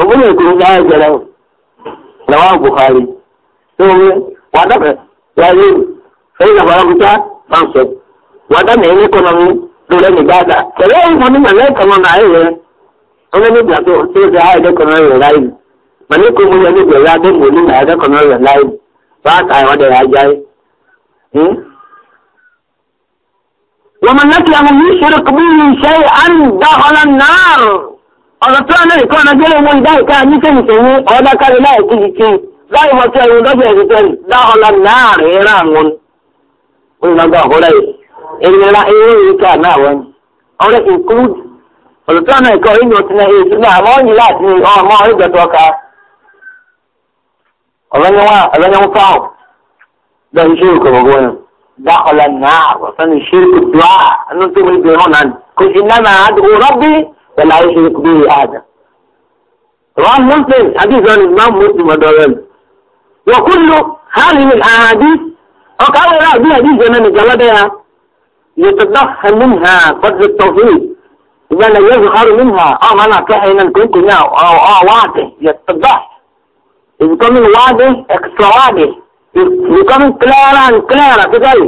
ogúnlẹ̀ èkó ní ayé jẹrẹ o làwọn buhari tó wọlé wàdàbẹ wáyé ẹyìn àbárakúta fáńsọ wàdàbẹ ẹni kọ́nà mi lórí ẹni gbáàdà tẹ̀lé ẹ̀yìn fún mi mà lẹ́yìn kan náà ayé rẹ ọmọ ẹni gbà tó tó ṣe ayé ẹ̀dẹ́ kan náà rẹ láyé mà ní kó mo yẹ ní bẹ̀rẹ̀ adé mo ní ayé ẹ̀dẹ́ kan náà rẹ láyé wàá ta àwọn ọ̀dẹ̀ ajá yìí. ومن نسي من يشرك به شيئا ọ̀rọ̀ tí wọ́n lè kọ́ ọ̀nà gbélé owó ìdá ìka ní tèmítèmí ọ̀dà kárí láì kiri kiri láì mọ̀ tí ẹ̀rù dọ́bẹ̀ ẹ̀rù tẹ̀lé dá ọ̀la láàrin ra wọn. ó ní lọ́gbà ọ̀húnrẹ́ yìí ìnira eré ìka náà wọn. ọ̀rẹ́ include ọ̀rọ̀ tí wọ́n lè kọ́ ìyẹn ọtí náà èyí náà àwọn yìí láti ọmọ ìgbẹ̀tọ̀ ọ̀ka. ọ̀rẹ́ yẹn wá ọ̀rẹ́ ولا يقضيه هذا رواه هذا حديث عن الإمام مسلم ودوران وكل هذه الأحاديث وقال لا دي حديث من جلدها يتضح منها قدر التوحيد إذا يظهر منها أو أنا كائنا كنت أو أو واضح يتضح It's becoming واضح extra واضح It's becoming clearer and clearer today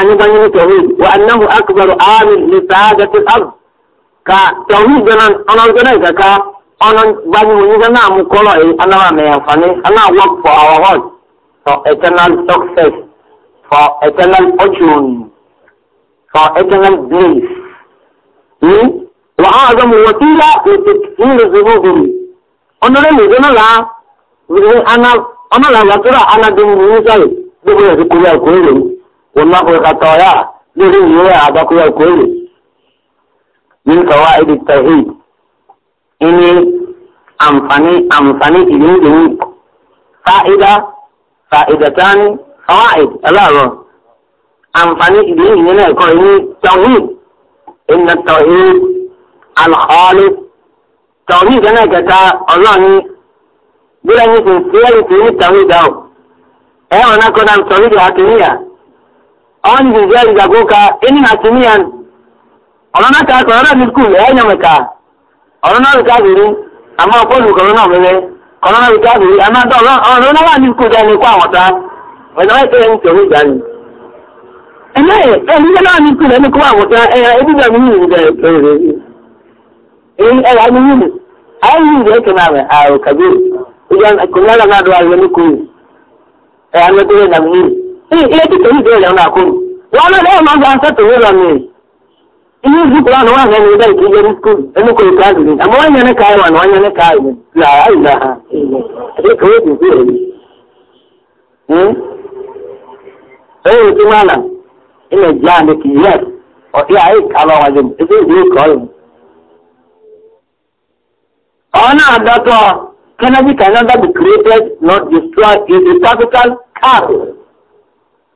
أن يبين التوحيد وأنه أكبر عامل لسعادة الأرض ka tawhid ganan onon ganan ka ka onon bani mo ni gana mu kolo e ana me afani ana work for our hon for eternal success for eternal fortune for eternal bliss hmm? wa azam wasila li takfir dhunubi onore ni gana la ana ana la watura ana dum ni sai dubo ya ku ya ni wala ko ka to ya dubo ya ba ku ni min qawaid tauhid ini amfani amfani ilmi dini fa'ida fa'idatan fawaid alaro amfani ilmi ini nak kau ini tauhid inna tauhid al khaliq tauhid na ka ta Allah ni bila ni sincerity ni tauhid dawo eh ona ko na tauhid hatimia on ni jari buka ini hatimia ọ̀nà ká ọ̀nà ní skul àmọ́ ọ̀pọ̀lù kọ̀ọ̀nà náà mẹ́rẹ́ ọ̀nà ní ká gbèrú àmọ́ skul dání kó àwọn ta ọ̀nà náà kéré ní tẹ̀wé ìgbà ihe zipụrụ anụ nwaanyị na ebe nke ijere skul emekọrọ ka azụrụ ama nwaanyị na ka anyị nwa na nwaanyị na ka anyị na anyị na ha dịka o ji zuru ebi ee otu mana ina ji anyị ka ihe ọtị anyị ka ala ọwa jụm ebe ezi oke ọrụ ọ na-adọtọ kanabi canada be created not destroyed is a capital capital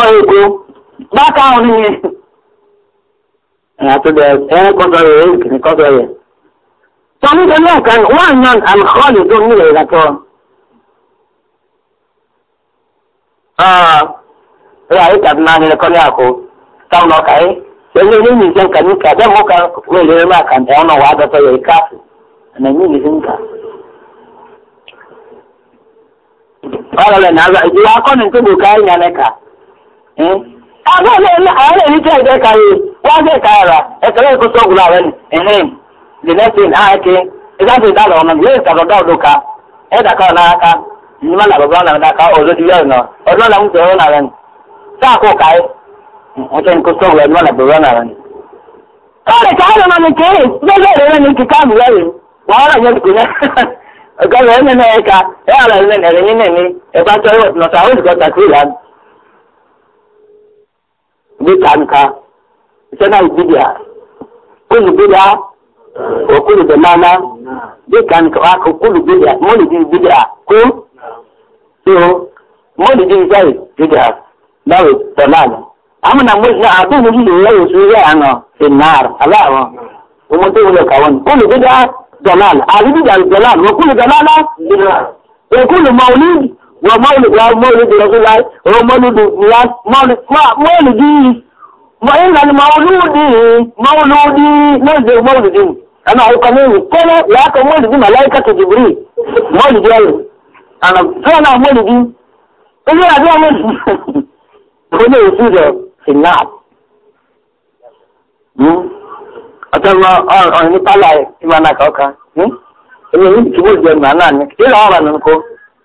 ọ̀rẹ́gbó bákan òní ni ẹ̀yà tó bẹ̀ ẹ̀ kọ́tọ̀ rẹ̀ ẹ̀ kìíní kọ́tọ̀ rẹ̀. sọmi tó ní ọ̀kan wọ́n yan alukọ́ọ̀lù tó ní ìrẹ̀lẹ̀ tó. ẹ̀yà ayé tàbí máa nílẹ̀ kọ́lé àkó táwọn ọkà yìí lẹ́yìn ilé ìyìn ìjẹun kàní kà bẹ́ẹ̀ mú ká wọ́n ìlérí máa kà ní ọ̀nà wàá dọ́tọ̀ yẹ káàpù ẹ̀nà ìyìn ọ̀rọ̀ rẹ̀ náà ìdí akọ́ni tó gbò káyìn yàn lẹ́ka. àbẹ̀lẹ̀ àárẹ̀ ní tẹ̀ ẹ̀dẹ́ kàyé wá dé kàyàrà ẹ̀kẹ́rẹ́ ìkó sọ́ọ̀gù láàrẹ̀ ni ẹ̀hìn the next thing ah eke ìdájọ́ ìdájọ́ ọ̀nà yóò ìtàkọ̀ dá ọ̀dọ̀ ká ẹ̀dà kan náà ká nímọ̀ nà bàbá náà ká ọ̀dọ̀ ti yọ̀ọ̀nà ọ̀dọ̀ náà ń tẹ̀ ọ̀rọ̀ náà ni sáà kó káyé ọ̀tẹ̀ ní kó sọ́ọ̀gù láàrẹ̀ nímọ̀ nà bàbá náà ni. káàdì káàdì ọ̀nà ni kéè gbẹ́gbẹ́ rẹ̀ ní kíkà mú wẹ́rẹ̀ wàhálà yẹn kò yẹn. ẹgbẹ́ rẹ̀ nínú ẹ̀ka ẹ̀ ara rẹ̀ nínú ẹ̀rẹ̀ nínú ẹ̀mí ẹ̀bá tó ẹ̀rọ ọ̀tún ọ̀tún àwọn olùkọ́ta sí ìlànà. bí kàǹkà iṣẹ́ náà ìdíje à kúlù gbéra òkúlù bẹ̀ máa náà bí kàǹkà wà kó kúlù gbéra mọ́lì dín ìdíje à kú. tó mọ́lì dín iṣẹ́ ìdíje à báwo tọ́lá àná. àmì nà mọ́lì náà àbúrò mi yìí lọ́wọ́ sí ilé àná ìnáàr aláàrọ̀ ọmọdé wọlé kàwọn ضلال أعلم الضلال وكل ضلالة وكل مولود ومولد مولد رسول الله ومولد مولد مولد وإن المولود مولود نزل مولد أنا أقول كل لك مولد ملائكة جبريل مولد يوم أنا أنا مولد إذا أنا مولد هنا يصير في النار ọtọmọ ọrùn ní pálá ẹ tí máa nàkà ọkà èmi yìí kí wọ́n jẹ màá náà ni kí lọ́wọ́ bá nínú kó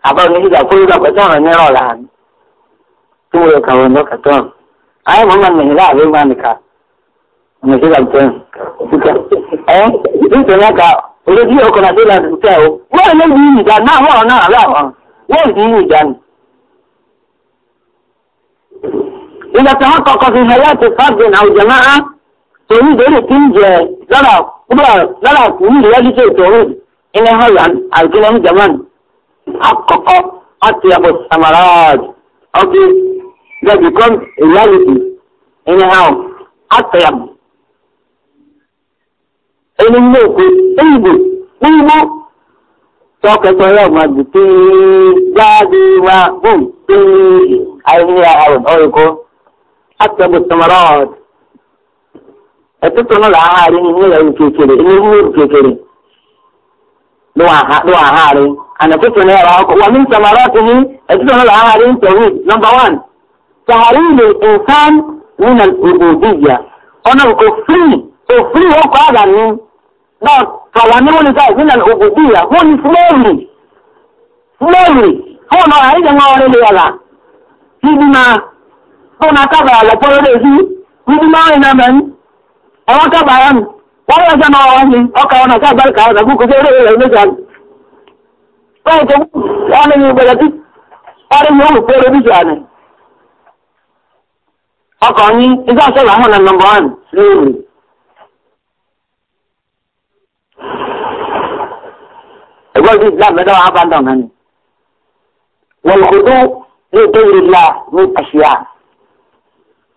àbá mi yíga kó yíga pẹ̀tọ́ ọ̀rọ̀ ní ọ̀la ni tí mo yọ kàwé ní ọkàtọ́ ayé mo máa nìyí láàbí máa nìka ọmọ sí ìgbà tẹ́ ẹ ẹ ní ìtọ́ náà ka olójú ọkọ̀ náà sí ìlànà tó tẹ̀ o wọ́n lè ní ìjà náà wọ́n náà láwọn wọ́n ní ìjà ni. ìgbà tí wọ́n kọ́kọ́ fi hẹ́yà ti fáàgbìn àwùjọ náà domin da yadda kin je zara kuma zara kuni da yadda ke toro ina halan alkilam jaman akoko ati abu samaraj okay that becomes a reality anyhow atayam ẹni ní òkú ẹyìnbó mímú tọkẹtọ yóò máa dùn pé jáde wá bùn pé àìní àrùn ọrùkọ àtẹ̀bùsọmọlọ́ọ̀dù ẹtụtụ nọ na-ahagharị n'ihe ya nkekere n'ihu nkekere n'ahagharị anatụtụ na yara ọkụ wa min samaratihi ẹtụtụ nọ na-ahagharị ntọhid nọmba wan sahari ile insan nina ubudiyya ọnà òfin òfin ọkọ àgànní náà tọwà ní wọlé sáà nina ubudiyya wọn ni fúlẹ́ẹ̀lì fúlẹ́ẹ̀lì fún ọ̀nà àríjẹ̀ wọn la lè yàrá síbi máa fún akábàá lọ́pọ̀ lórí èyí níbi máa ń rìn náà mẹ́rin ẹ̀wọ́n kábàárà nù wọ́n lọ sọ́nà ọwọ́ ni ọkà wọn àti àgbàlùkà wọn àgùkù sí eré ìrẹ̀lẹ̀ méjà nù. báyìí tó wọ́n ní ìgbẹ̀rẹ̀ tí wọ́n rí yóò pé lórí ìjà nù. ọkọ̀ yín iṣẹ́ àṣẹ̀lẹ̀ àwọn ọ̀nà nọmba wán lóòrè. ẹgbẹ́ bíi islam mẹ́ta wọn á bá ń dàn náà wọ́n kò tó ní ìtòyè ìlà ní àṣìyà.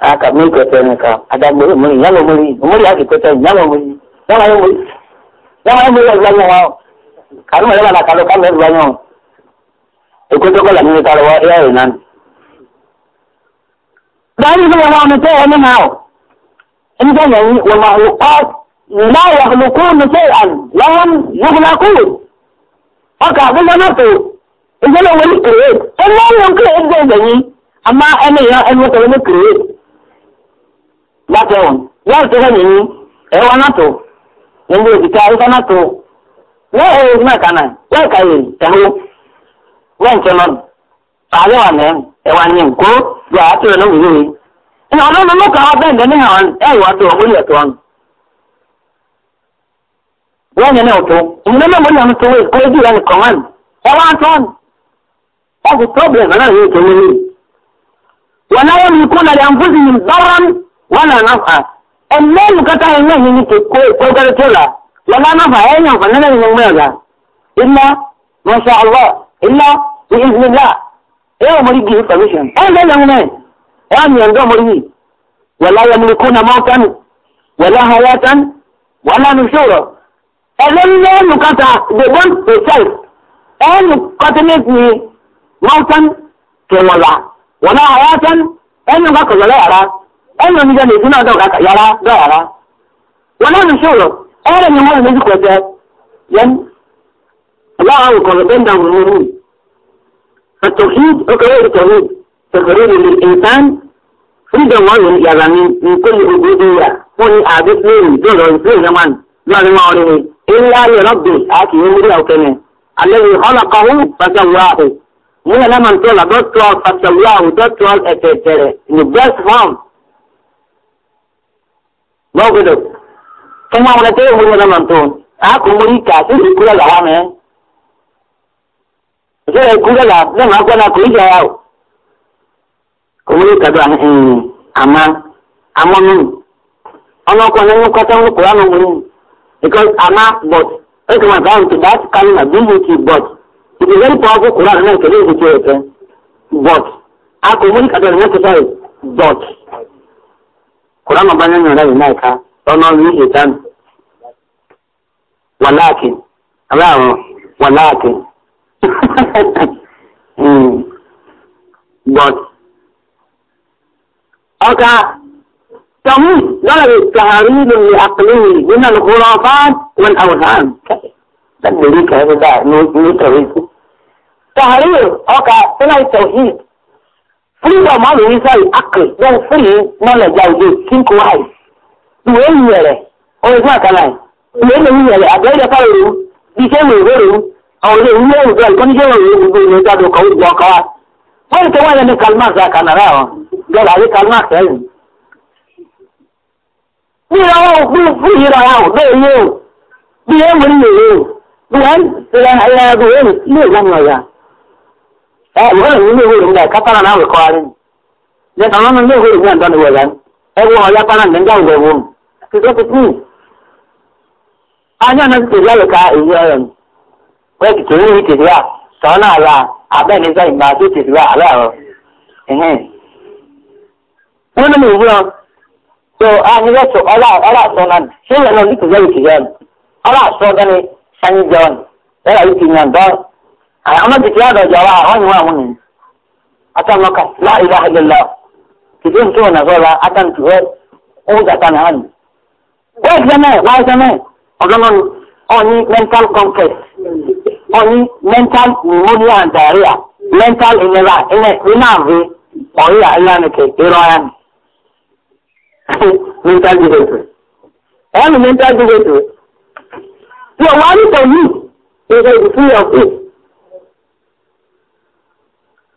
aka mi kwete nka adagbe omori nyalo omori omori aki kwete nyalo omori nyalo omori nyalo omori ẹgbẹ yẹn wa kanu ẹgbẹ na kanu kanu ẹgbẹ yẹn o ekwete kọla mi ka lọwọ ẹyà rẹ nani. báyìí ní wọn wọn tó wọn nínú àwọ ẹni tó yẹn wọn máa wò ọ láyà lóko lóko àn lọ́wọ́n lọ́kùnlákù ọkà àbúlọ náà tó ìjọba wọlé kéré ẹni wọn yàn kéré ẹgbẹ ẹgbẹ yìí àmọ́ ẹni yàn ẹni wọn kọ bákan wọn tó fẹ́ nìyí ẹ wọn náà tó wọn bó ti tẹ ayíká náà náà wọn ń wà ní a tó yẹ yìí ẹnì ọ̀nà ọ̀nà mọ̀ká wọn bẹ́ẹ̀ dẹ́ni hàn ẹ ìwà tó wọn yẹ tó wọn. wọn náà tó tó wọ́n wala nafa emmelu kata ina hini ke ko ko kare tola wala nafa ina fa nana ni mu yaga illa ma sha Allah illa bi iznillah e o mari give permission an da lan ne ya mi yanga mari wala yamlikuna mautan wala hayatan wala nusura emmelu kata they want to self en kata ne ni mautan ke wala wala hayatan en ga ko la yara ẹnu oníjẹ lè dín náà dọ̀gá yàrá dọ̀yàrá wọn náà ní ṣòro ẹ̀rẹ̀ ni wọ́n méjì kọjá yẹn láwọn òkọ̀rọ̀ bẹ́ẹ̀ náà wọ́n mú التوحيد وكذلك التوحيد تقرير للإنسان freedom wọn lò yàrá ní nítorí ògbódé yà wọn ní àbí plẹ́ẹ̀nì tó lọ sí ìyẹ́wọ̀n lọ́rin máa rí ni ilá yẹ rọ́bì àti ìwúrí àwòkẹ́ni àlẹ́yìn ọlọ́kọ̀ọ́hù fàṣẹwàáhù ní ẹlẹ́mọ̀ntó làdọ́tọ̀ fàṣẹwàáhù dọ́tọ̀ ẹ̀tẹ̀ẹ̀tẹ̀rẹ̀ ní best form n'obodo nwa nwere ka egwu na ntụ akụ mgbere ike asị na ekwuru ala ha mee nke na ekwuru ala ma akwụkwọ na kụrụ ije ya ahụ ka nwere ka do ama amọnụ ọnụ ọkwa na nyekwata nwụkwụrụ anụ nwere because ama but eke maka ahụ nke dat kan na bbt but it but very powerful Quran na nke na-ezuchi eke but akụ kurama banya nyona yina ka ono ni itan walakin alawo walakin mm but oka تموت ضرب التهاريب لعقله من الخرافات والأوهام تدريك هذا نتريك تهريب أوكا هنا التوحيد Huyu mwalimu mzai akli don free knowledge ya ujui think wise. Tuwe nyere. Owezwa kanai. Tuwe nyere agaida pale ru. Dise mweru. Awele uye ugal koni je uye ugal ne dado ka ugal ka. Wale te wale ne kalma za kana rao. Gela ali kalma sa hivi. Ni rao free free rao do yo. Ni yeye e ní ìwé ìròyìn náà kátàrà náà wẹ̀kọ́ ara ni yẹn tàwọn ọmọ ilé ìwé ìròyìn náà dánwò ẹ̀yà ni ẹ wọ ọ̀yá para ní ẹ̀ńdá ìwé wọn títí ti pín anya náà ti tẹ̀lé ẹ̀ka èyí ọ̀rọ̀ ni wọ́n ti tẹ̀lé ìwé tẹ̀lé à tọ́wọ́n náà ra abẹ́ ní sẹ́yìn máa tó tẹ̀lé àlọ́ àrọ́ wọ́n ní ìwé wọn so àyè yẹ sọ ọlá ọlá sọ náà ọla àwọn jìkì àdọ̀jà wa àwọn ìwà àwọn nìyí atanwaka láìlá àjẹlá kìdí nǹkan wọn nàzọ́ra atantuwẹ́ ọ̀hún jàtà náà nì. wọ́n ti sẹ́mẹ̀ wáyé sẹ́mẹ̀ ọ̀gánà ni ọ̀ní mental conquest ọ̀ní mental pneumonia and diarrhea mental ìnira ìnẹ̀ ìnààbí ọ̀ríyà ìyànnìkẹ̀ ìrọ̀ ya nì. mental disaster ẹ̀yà ni mental disaster. yóò wá ní pẹ̀lú ìṣèjì sí ọ̀fíìsì.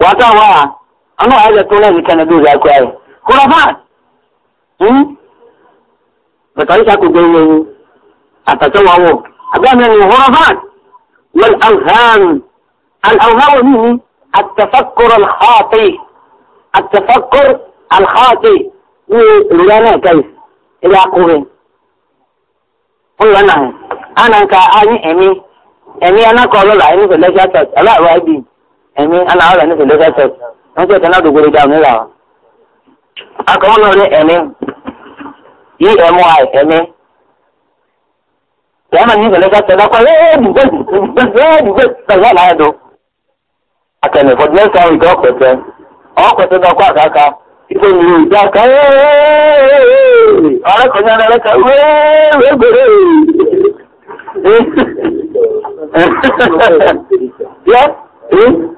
watawa ano aja tola vitana duza kwayo kuna fa hmm bataisha kujenga atatoa wao agana ni hurafat wal awham al awham nini التفكر الخاطئ التفكر الخاطئ لنا كيف إلى قوين قل أنا أنا كأني أمي أمي أنا قالوا لا أمي فلا شيء ألا وعدي ẹ̀mí aláwọ̀ ní ìlú ẹ̀sẹ̀ wọ́n ti ẹ̀kẹ́ náà dògbò lè dáhùn eme. wa. akọ̀wọ́n náà ní ẹ̀mí emi ẹ̀mí yàrá ní ìbẹ̀lẹ̀ ká tẹ̀lé akọ ẹ̀ dùgbẹ́ dùgbẹ́ ọ̀rẹ́ kan ní ọ̀rẹ́ kan wéé gbèrè.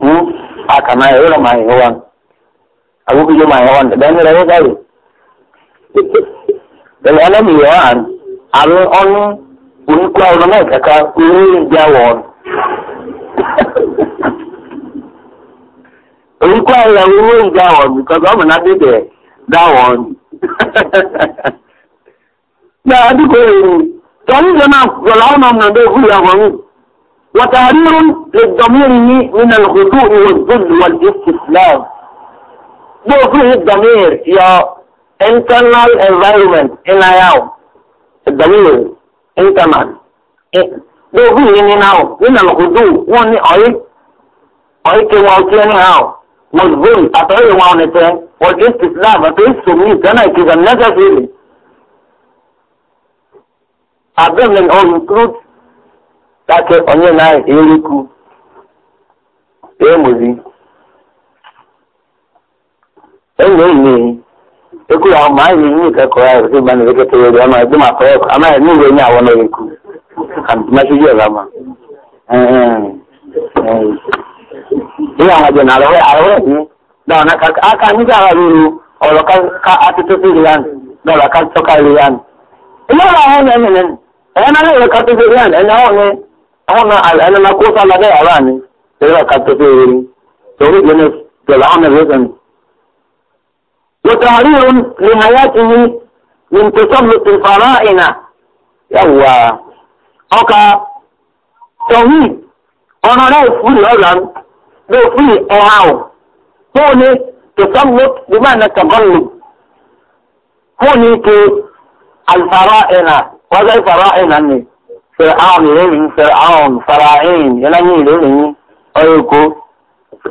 hmm akama yero ma hewan abu kujo ma hewan dan ni rawo kai dan ana mi yawan abu on un kwa ona ma kaka un jawon un kwa ya un jawon because am na be there that one na adi ko ni tan jana ko lawo na na be ku ya ko وتعرير للضمير من الغتوء والذل والاستسلام ده فيه الضمير يا internal environment in I am الضمير internal ده فيه أو من الغتوء واني اي اي كواوتي نياو والذل اطعي وانتين والاستسلام اطعي السمين كان كذا نجا فيه I've been on includes take onye na-erikwu emuzi enyi enyi ekuru ahụ ma anyị na ka kọrọ ahụ sị mana ekete were ma kọrọ ọkụ ama niile onye awọ na ekwu ọzọ ama ihe dị na arụhụ arụhụ na aka anyị ga-ara ọrụ ka atụtụ siri ya na ọrụ aka tọkarịrị ya ihe ọrụ ahụ na-enye na na na ona alinakosa lade alani tẹ́lá kàtàkì ìrìn torí ìgbẹ́ni tẹ̀lá ọ̀nà ìrẹ́sẹ̀ni. وتعرير لحياته من تسلط الفراعنة يوا أوكا توحيد أنا لا أفهم الأولان لا أفهم إيهاو هوني تسلط بمعنى تغلب هوني الفراعنة وهذا الفراعنة فرعون يلي فرعون فراعين يلي يلي أيكو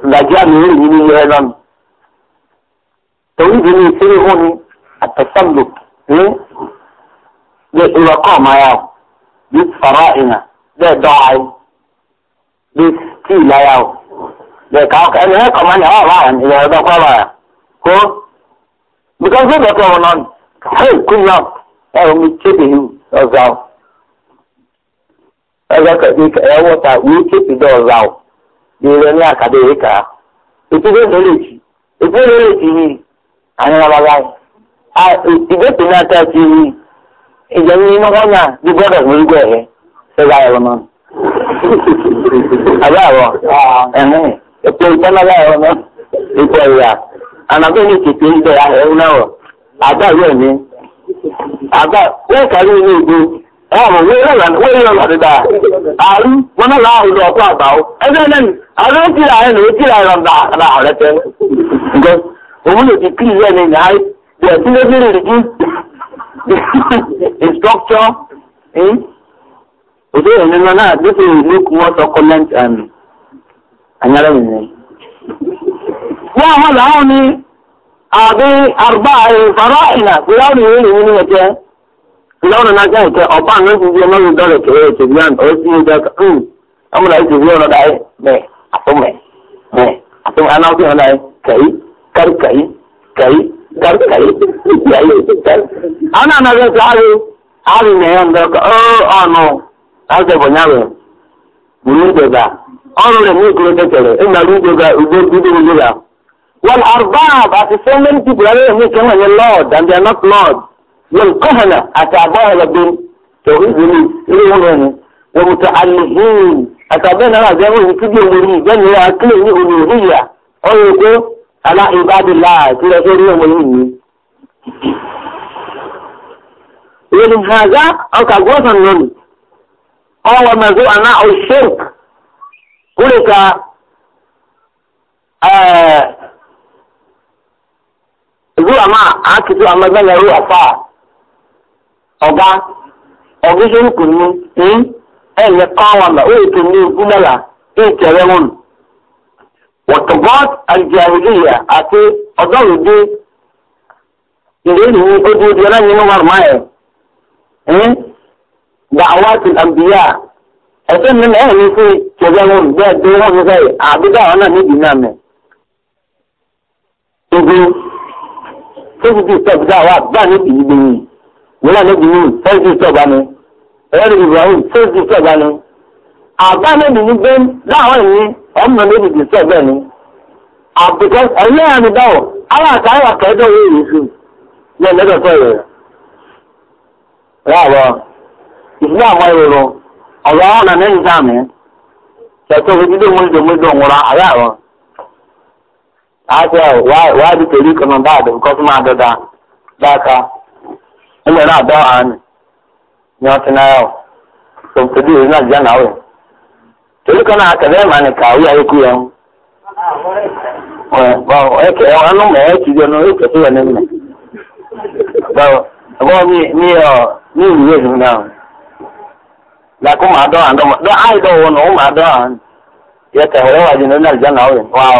لجان يلي يلي يلي تقول لي سيهوني التسلط ليه؟ ليه إلقاء ما ياو ليه فراعنا ليه داعي ليه ستيلا ياو ليه كاوك أنا هيك أمان ياو آه لعن إلا هذا قوة يا هو بكان زيبا تقول لان حيو كل ياو ياو متشبه يو ẹgbẹ́ kẹ̀kẹ́ ìkà ẹ wọ́ta wíì kéèpì dọ̀ọ̀la o ìrẹ ní àkàdé ìkà ìtúgbẹ́ mẹ́lẹ̀kì ìtúgbẹ́ mẹ́lẹ̀kì yìí àyànlábàbà ìgbẹ́pẹ̀ náà tẹ̀ sí i ìjẹun ní mọ́kànlá bí bọ́dọ̀ mi gbọ́ ẹ̀ ṣẹ́gbà ẹ̀rọ náà ẹ̀rọ ànàbẹ́ ní àbá wọ́n kàrí ní ìgbó ẹ̀rọ wẹ́rẹ́ lọ́la dídá àrùn wọn náà láàrùn lọ ọkọ àgbà ó ẹgbẹ́ lẹ́nu àrùn ó kíra ẹ̀rọ ó kíra ẹ̀rọ ńlá ààrẹ tẹ́ ǹgọ́ òun lè ti kíri ẹni ní àì the delivery reduce the structure òde ìrìn nínú náà this is make more succulent and anyara mi ni. wọ́n àwọn làwọn ni àbí àrùbá ìfarọ́ eh, ìnà pé láwọn ìwé ìrìn nínú ẹ̀jẹ̀. ndị náà jẹ́ ìkẹ́ ọ̀pá àwọn ìṣiṣẹ́ mọ́rin dọ́lẹ̀ kéré òṣèlú àná ó sì ń jẹ́ ọmọ náà ìṣèlú ọ̀nà dáyé mẹ́ àtúmẹ̀ mẹ́ àtúmẹ̀ anáwó ọ̀nà dáyé kẹ̀yí kẹ̀rí kẹ̀yí kẹ̀yí kẹ̀rí kẹ̀yí kẹ̀yí kẹ̀rí. na e hmm, wọn and they are not والقهنة أتابعها لدن توحيدني إلهوني ومتعلمين أتابعنا لا زيهم كبير مريد جن لا أكله ألوهية أيضا على عباد الله كلا شيء مريد ومن هذا أو كغوثا نوني أو مزوء أنواع الشرك كلك آه زوء ما أكتو أما بنا روح فاعل ọ̀gá ọ̀gíṣẹ́ nkù ní ẹ̀yẹ kọ́wàmà ó ètò ní ìgbúlẹ̀là ìkẹrẹ wọn. wọ̀tọ̀bọ́t àjẹ̀rìyà àti ọ̀dọ́rùdé ìlérí ní ojú ojú ọlọ́run ní wàrùmá ẹ̀ dàwọn ti àbíyà ẹ̀sẹ̀ mi náà ní sí kẹrẹ wọn bẹ́ẹ̀ dé wọn ní sẹ́yìn àbíkà wọn náà níbi náà mẹ́. gbogbo tó ti di ìtọ́jú dáwà bá níbi ìgbéyìí. wúlò níbi yìí first district ọba ni ẹ̀rọ ibrahim first district ọba ni bẹ́ẹ̀ láwọn yìí ọmọ níbi district àbùkọ́ ẹ̀yẹ́ àmì dáwọ̀ àwọn àtàwọn àkẹ́dọ̀ yìí yìí fi ní ẹ̀lẹ́dọ̀ tó yẹ. Ráàbọ̀ ìdílé àwọn èrò ọ̀rọ̀ àwọn ọ̀nà mẹ́rin sáàmì ṣẹ̀tọ́ ojú dé mú ìdòmú ìdò Àti ẹ̀ wá di pẹ̀lú bá àdùnkọ́ ẹgbẹ́ náà dọ́ àánú ni wọ́n ti náírà o tó tóbi ìlú náà náà o torí kan náà kẹ̀lẹ́ màá ní kàwé ayéku yẹn o ẹkẹ ọ̀nù mọ̀ ti yẹn nínú mi náà màá àánú wọn màá àánú yẹ wájú ní náà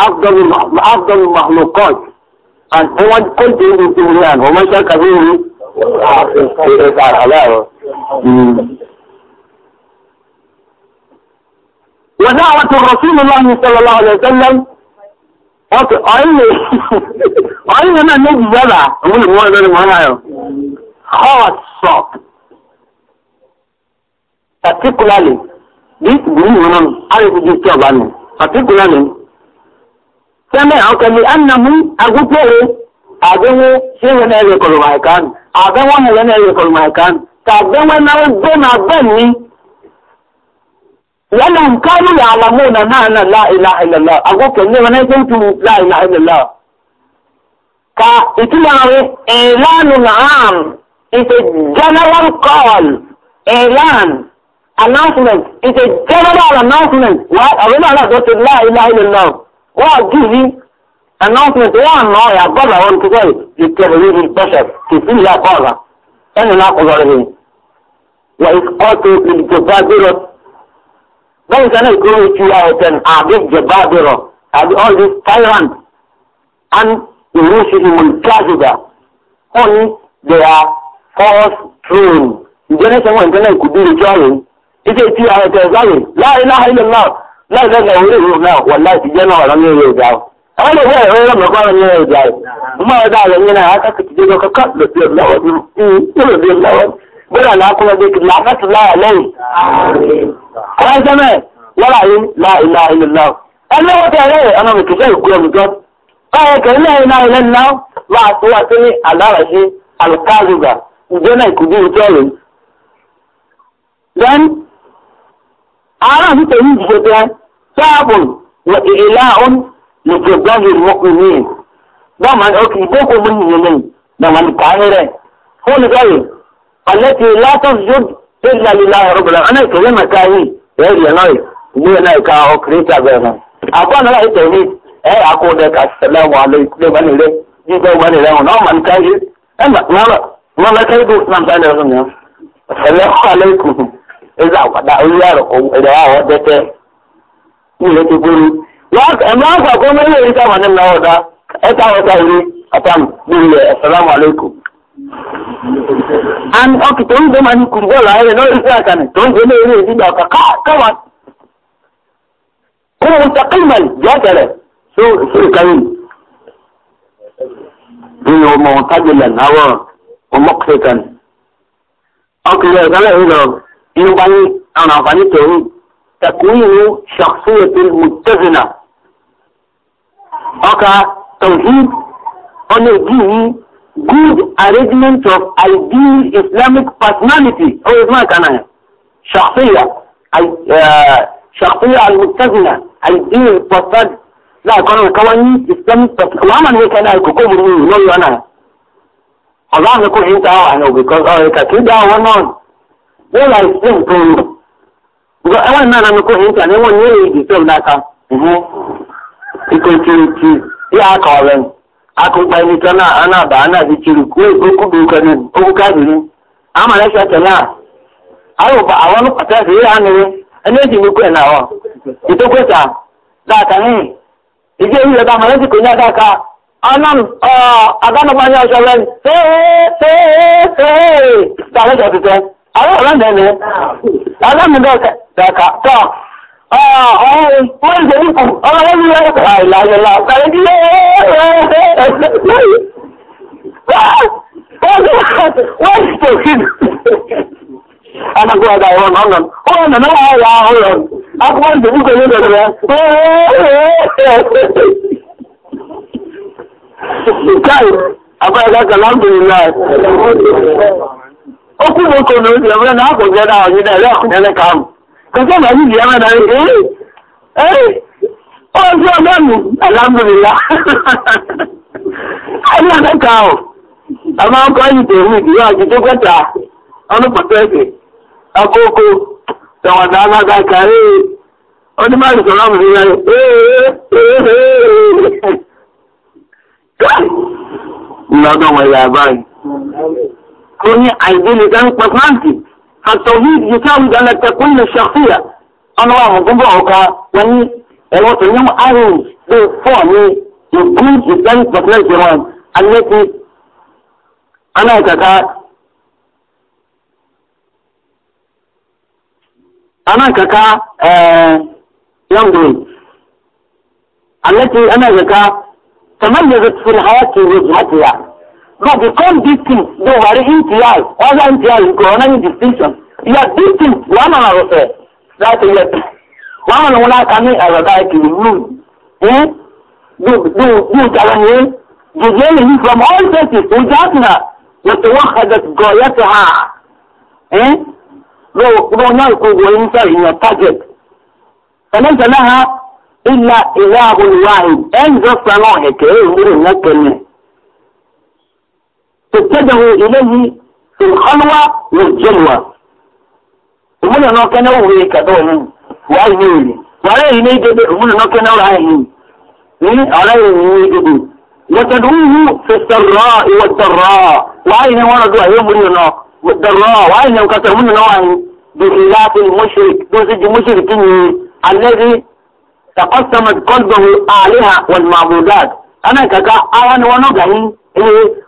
أفضل أفضل المخلوقات أن هو كنت الإنسان وما شك فيه ودعوة رسول الله صلى الله عليه وسلم أين أين نجي جدع أقول مو أنا مو أنا خاصة particularly this belief in Allah, I will give you a particularly tẹ́mẹ̀ ọkọ̀lù annahu agogowo agbẹ́wọ́ ṣéwọ́n náà rẹ̀ kọ̀lù màìkánù agbẹ́wọ́ náà rẹ̀ kọ̀lù màìkánù tàgbẹ́wọ́ náà gbé máa bẹ̀ ní. yálà nkánu yà àlàmú nà náà nà láìlà ìlàlá agogowo ní wọn ẹgbẹ́ tó láìlà ìlàlá. ka ìtumọ̀ rẹ̀ ìlànà nàám is a general call ìlànà announcement is a general announcement wà àwọn náà náà tó ti láìlà ìlàlá wọ́n give you announcement wọ́n nọ ya gọ́dà wọn tó sẹ́yìn yóò tẹ̀lé yóò ní bẹ́sẹ̀ kì í fi ìyá kọ́ ọ̀la ẹni náà kọ́ lọ́rẹ́ mi wà ikọ́ tó ìdìbò bá dúró bẹ́ẹ̀ sẹ́ni ìkúrò ìtú ya ọ̀tẹ̀n àbí ìjọba dúró àbí all these tyrant and ìlú ṣíṣe mọ̀ ìtàjùgà wọ́n ní they are false throne ìjẹ́nẹ́sẹ̀ wọn ìjẹ́nẹ́ ìkùdú ìjọ́ rẹ̀ ìjẹ́ ìtú ya ọ̀tẹ̀ ìjọ́ rẹ̀ láàrin náà láì lẹ́gbẹ̀ẹ́ orí ìlú náà wọ̀ láì ti jẹ́ náà wà lọ́mí ìlú ìjà o. àwọn ilé ìwé ìwé ìrọ̀mọ̀ kọ́ ní ìlú ìjà o. mo máa dá àyẹ̀ yẹn náà á ti jẹ́ kọ́kọ́ lòdì ọ̀lọ́wọ́ lòdì ọ̀lọ́wọ́ bóyá náà kọ́ ọdẹ kì máa kàtì láyà lẹ́yìn. àwọn iṣẹ́ mẹ́ẹ̀ lọ́la aráàlú tẹ̀lé ìdìbò tẹ sáàbùn wọ ìlà òun lè jẹ gbọ́dọ̀ ìmọ̀kùn ní ẹ̀ náà máa ní ọkì ìgbókò mú nìyẹn lẹ́yìn náà máa ní káyé rẹ̀ fún mi báyìí ọ̀lẹ́tì látọ̀sí yóò ṣe ìlàlílà ọ̀rọ̀ bọ̀lá ọ̀nà ìkẹ̀wé mẹ́ta yìí ẹ̀rí ẹ̀ náà ìlú ẹ̀ náà ìka ọkùnrin bẹ́ẹ̀ náà àbọ̀ náà ìtẹ̀lé ẹ̀ àkóódẹ́ kà sẹ́lẹ̀wọ̀n alẹ́ ìkúlẹ̀ ìbánilẹ́ jíjẹ́ ìbánilẹ́ wọn náà máa ní káyé ẹ̀ náà eze akwada onye arụ ere ahụ deke ilekekwuru eme akwa ka ome ihe erika ma na ọda ịta e ghọta iri atam ya asalamu alaikum an ọkịta oge ma ni kuru bọọlụ ahịrị e, n'ọrụ isi aka ni tọọ njem eri ezi gba ọka kama kuma wuta kalmar ya tere so so kai ni mo ya يغني أنا أغني توحيد تكوين شخصية متزنة أكا توحيد أنا جيني good arrangement of ideal Islamic personality أو إسمعك أنا شخصية شخصية المتزنة ideal personality لا كانوا كواني Islamic personality وعمل هيك أنا كوكو مرمي نوي أنا أظن أكون أنت أو أنا because أو كده أو أنا wọ́n yà ìsìn nǹkan rò nǹkan ẹwọ́n náà nánú kó ẹ̀yìn kan ẹ̀wọ̀n ní èyí ìdìtọ́ ìdáka ẹ̀hún ikọ̀ kirikiri yà á kọ̀ ọ̀rẹ́ ẹni tán náà aná kú káàdì ní tẹ̀lé à àwọn ọba àwọn ọlọ́pàá tẹ̀sí á nìyẹn ẹni èjì kú ẹ̀ náà wọ̀ ìtókòtà ní ìdí èyí kò ní Ayo lan da ne. Adam ne da ka to. Ah, oh, mun da ku. Allah wani ya ka ila ila. Kare ki. Wai to kin. Ana ko da yawan wannan. Oh, na na ya hoyo. Aku mun da ku ne da ne. Kai, abai da okwu bụ nke na ozi ebere na anyị na-ere ka ahụ na anyị ji eme na ee ozi ọbịanụ alhamdulila anyị ka ahụ amakwụkwọ anyị ga-enwe ihe ọjụjụ kweta ọnụ eke akụkụ tọwada anaga ka ee onye mmadụ sọrọ ọ bụrụ ya ee ee ee ee كوني عايزين لزان قطنتي فالتوحيد يساوي على تكون الشخصية أنا وهم بمبعوكا واني الوطن يوم أرنج بفوني يكون يساوي قطنتي وان التي أنا كتا أنا كتا آه يوم التي أنا كتا تميزت في الحياة وجهتها But because these things, they were NTI, other NTI is coronary distinction. Yet these things, one man was there. That's a One man will not come as a guy to rule. Eh? Do, do, do, Jalanye. Jalanye from all places, Ujatna, يتوحدت غايتها. Eh? no لو نلقوا وينسى in your target. فليس لها إلا إله واحد. أنزل صلاحك، إيه، إيه، إيه، اتجهوا إليه في الخلوة والجلوة ومن أنه كان هو كدوه وأي نيلي وعليه نيجد ومن أنه كان هو عيه عليه نيجد وتدعوه في السراء والضراء وعين وانا دعا يمرنا والضراء وعين وكتر من نوعه بخلاف المشرك دوسج مشركين الذي تقسمت قلبه آلهة والمعبودات أنا كذا أوان ونقعين إيه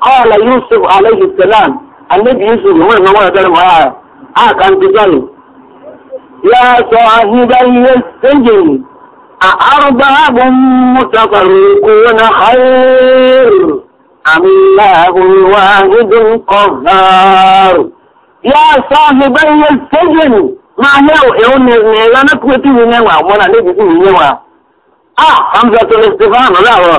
قال يوسف عليه السلام النبي يوسف هو هو كلام اه كان تجاني يا صاحبي السجن أأرباب متفرقون خير أم الله الواحد القهار يا صاحبي السجن ما هي يوم أنا كنت من يوم نبي من يوم آه خمسة الاستفهام لا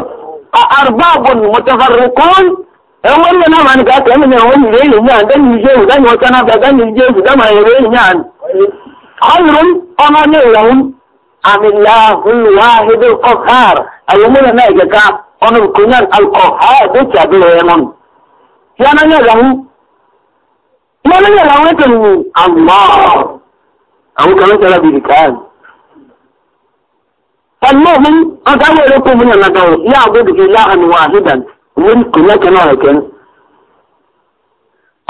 أرباب متفرقون ẹ̀wọ́n ní ọ̀nà àmàlùkà kẹ́mi ní ọ̀wọ́n ìrẹ́ ìlú ní àgbẹ́ ní ìjẹ́ ìdáni ọ̀tá náà bàbá ní ìjẹ́ ìlú dámà ìrẹ́ ìlú ní àná. ọ̀rùn ọmọ ní ìrọ̀rùn àmìláhùn wáhídé kọ̀kár àyẹ̀mọ́lẹ̀ náà ìjẹ̀ká ọ̀nà ìkúnyàn alkọ̀hár tó ti àbẹ̀rẹ̀ ẹ̀ mọ́nu. yánà ní ìrọ̀rùn yánà ní ìrọ̀rùn ètò ìlú àmọ́ àwọn kan wọ́n kùnà kan náà kẹ́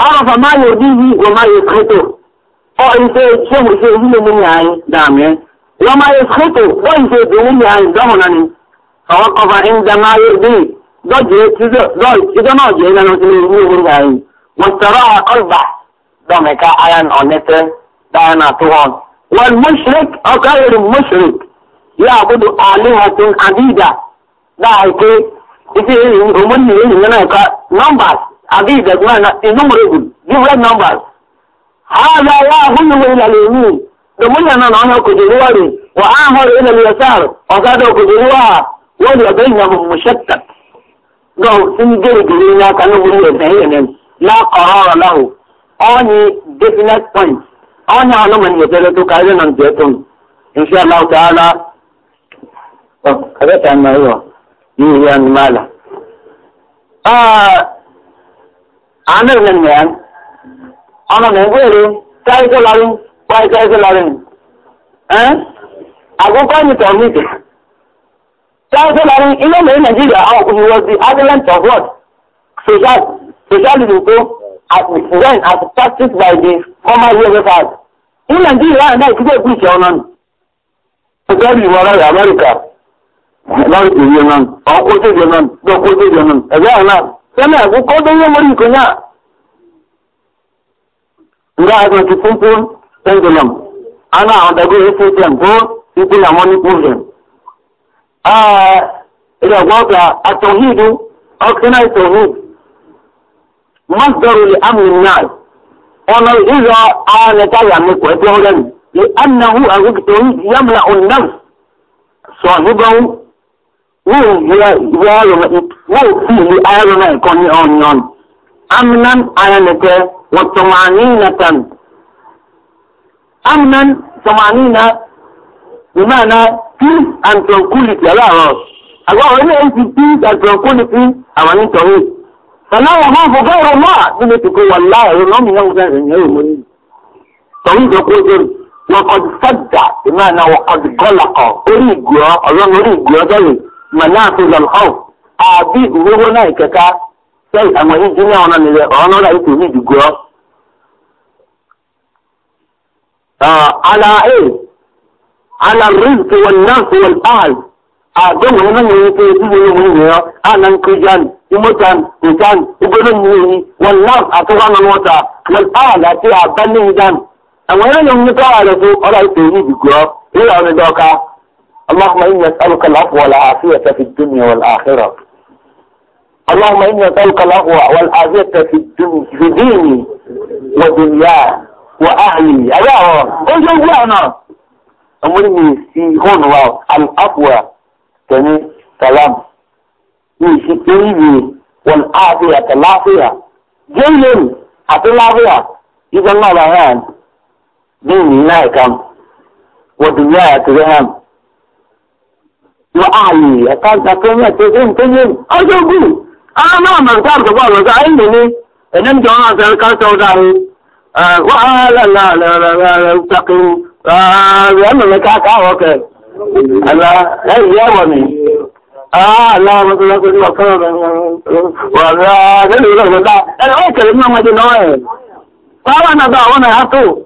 ọ̀rọ̀ fà máa yóò dídí wọ́n máa yóò kótó ọ̀ ìfẹ́ tí wọ́n ṣe ìlú mi ní àyè dàmé wọ́n máa yóò kótó wọ́n ìfẹ́ ìlú mi ní àyè dọ́mọ̀ náà ni àwọn kọfà ń da máa yóò dé dọ́jẹ́ tíjọ́ náà jẹ́ lẹ́nu tí wọ́n ní orí ite rumun ne yin yana ka numbers abi da kuma na innumerable different numbers hada ya hulu ila al-yamin da mun nan an ku ruwa ne wa amar ila al-yasar wa kada ku ruwa wanda bainahum mushakkak ga sun gere gere na kan wuri da yayin la qarara lahu only definite point only alumin ya tare to kai nan jetun insha Allah ta'ala kaga ta mai wa yiyan mala ah, ana nan ne an ana ne wele kai ko larin kai kai ko larin eh ago ko ni to mi te kai ko larin ile me nigeria awon ko was the island of what social socialism ko as when as practiced by the former lan iriye nan an kote je nan do kote je nan e ga na sana ku ko do ye mari ko nya ura ga ki pumpun tengelam ana an da go e se na moni pumpun a ila wa ka atohidu o kana atohid masdaru li amri nas ona iza ana ta ya mi ko e do ran li annahu an ku to yamla an nafs wọ́n fi ìlú ayọ́rọ̀mọ́ ẹ̀kọ́ ní ọ̀nìyàn amúnan ayọ̀nẹ̀kẹ́ wọ́n tọ̀mọ̀ánì nàtàn amúnan tọ̀mọ̀ánì nà ìmáàna peace and tranquility aláàrọ̀ àgbà wọ́n ní èyí peace and tranquility àwọn nítorí sọláwọ̀ máa fọ fẹ́ràn náà nínú ìtòkò wà láàrin náà mi yàwó sẹ́yìn ẹ̀yẹ́ òmò ní tọ̀wé ìjọkọ̀ ojúrù wọ́n kọ́ sọ́jà ìmáàna wọ́n kọ́ gọ́là kan orí ìgbìọ́ ọ̀rọ̀ orí ìgbìọ́ sẹ́yìn manafuz al-khawf àbí ìwéwó náà kẹta ṣe àwọn ìjì ní ọ̀nà nílẹ̀ ọ̀nà náà ètò ìjì gbọ́. ala e ala rizq wal ah, ah, nafs wal ahl àgbẹ̀wò náà ní wípé ìdílé ìwé ìwé ọ àná nkíjan ìmọ̀tàn ìtàn ìgbóná ìwé yìí wal nafs àtọwọ́ náà wọ́ta wal ahl àti àbálẹ̀ ìdán àwọn ẹ̀rọ ìwé tó àrẹ̀ tó ọ̀rọ̀ ètò ìjì gbọ́ ìrọ̀ ọ̀rẹ́dọ́ka اللهم إني أسألك العفو والعافية في الدنيا والآخرة اللهم إني أسألك العفو والعافية في الدنيا في ديني ودنياي وأهلي أيها أجوعنا أمرني في هون العفو كني سلام في shi والعافية العافية جيل ta lafiya إذا a ta lafiya idan ma ba yan bin wa'ayi ya kan ya ce kun kun yin ajogu ana ma ga ai ne idan da wannan sai ka ta da ru wa ala la la la la taqu ah wannan ka ka ya wa ne ah la ma ta ku ba ka wa la ne o ka mun ma ji na ba wannan hato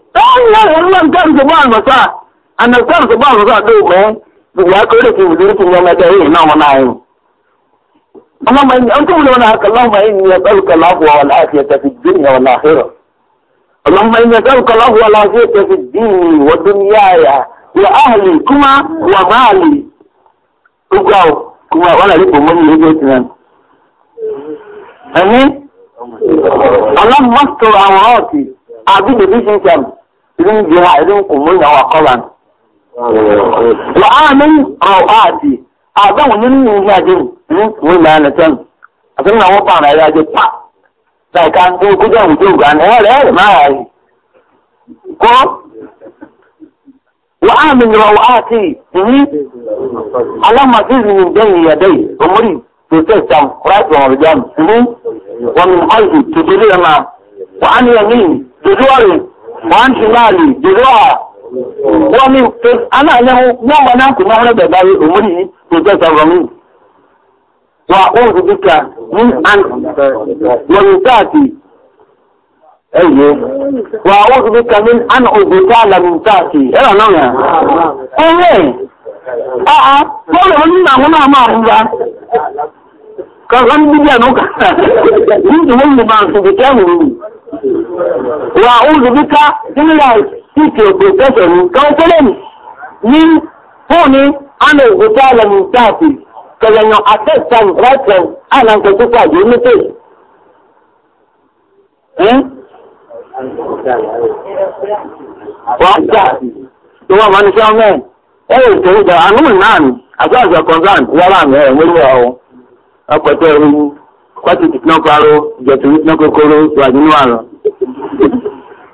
ya kore ki budurkin ya mata yi na wana yi amma an kuma wani haka lamma in ya tsarka lafuwa wa lafiya ta fi duniya wa lahira lamma in ya tsarka lafuwa wa lafiya ta fi dini wa duniyaya wa ahli kuma wa mali ugau kuma wala lipo mun yi ne tunan ani alam mastur awrati abin da bishin kam irin jiha irin kumun wa qalan wa amin rawati a zan wani nuni ya je wani na na can a san na wata na ya je pa sai ka ko kujan mutu ga na ya ma ya yi ko وآمن روعاتي ya زد من بين يدي أمري تسلسل رأس ومرجان ومن قلبي تدريما وعن يمين تدوري وعن شمالي تدوري wọ́n ní pé wọ́n mọ̀ náà kò náà rẹ̀ bàbá rẹ̀ òmùrì yìí pòtẹ́sà rọ̀mù. wà á òun fìdí ní àǹtí wọ́n ẹ̀yẹ wà á òun ní ẹ̀rọ náà yà. ọ̀rẹ́ wọ́n nínú àwọn náà máa kọ̀ọ̀kan bíbí ní wà suke kokasaru kansulin ni funi ana hutalan tafi kalanyo atestan ratan ana ka kuka ji mutu eh wata to wa man sha men eh to da anun nan aza za konzan wala me e muri o apoto ru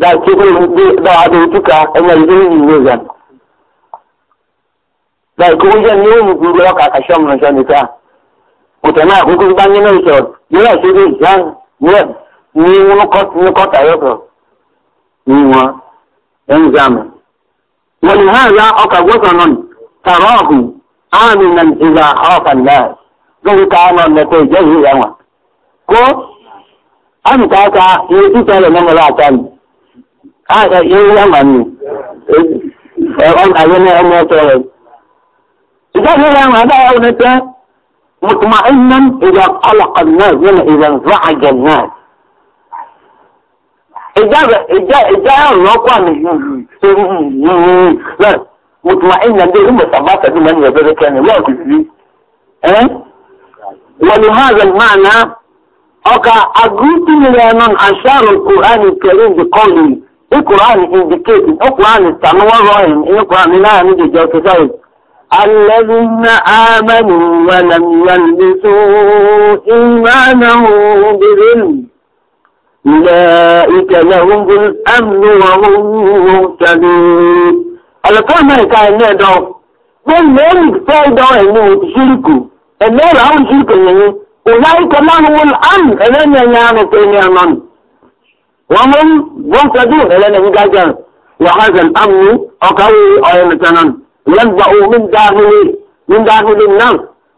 da ke da a dautuka ina yi ne zan da wajen ne mu ka ka sham na shan ta utana ko ko ban ne so ne ya shi ne ne ni mu ko ni ko ta yoko ni wa en ha aka non tarahu aminan khafa nas ka ne ko yawa ko an ta ka yi na ta ni هذا يلمن فيقول أجل أمي طالب إذا يلم هذا أولك مطمئنا إذا قلق الناس إذا انزعج الناس إجابة إجابة وقوان لا مطمئنا دي هم ثبات من يبرك يعني لا كذي أه؟ ولهذا المعنى أوكا أقول لنا أشار القرآن الكريم بقوله If Quran indicates, if Quran is Samuel Rahim, if Quran is not needed just to say, الذين آمنوا ولم يلبسوا إيمانهم بظلم أولئك لهم الأمن وهم مهتدون. Àlùkò Amẹ́ríkà ẹ̀mí ẹ̀dọ́, wọ́n lórí ìfẹ́ ẹ̀dọ́ ẹ̀mí òṣìṣìrìkù, ẹ̀mí ẹ̀rọ àwọn لهم الأمن ẹ̀mí ẹ̀yà àrùn وهم منتجون إلى نبي داجان وهذا الأمن أقوي أيمتنا ينبع من داخل من داخل الناس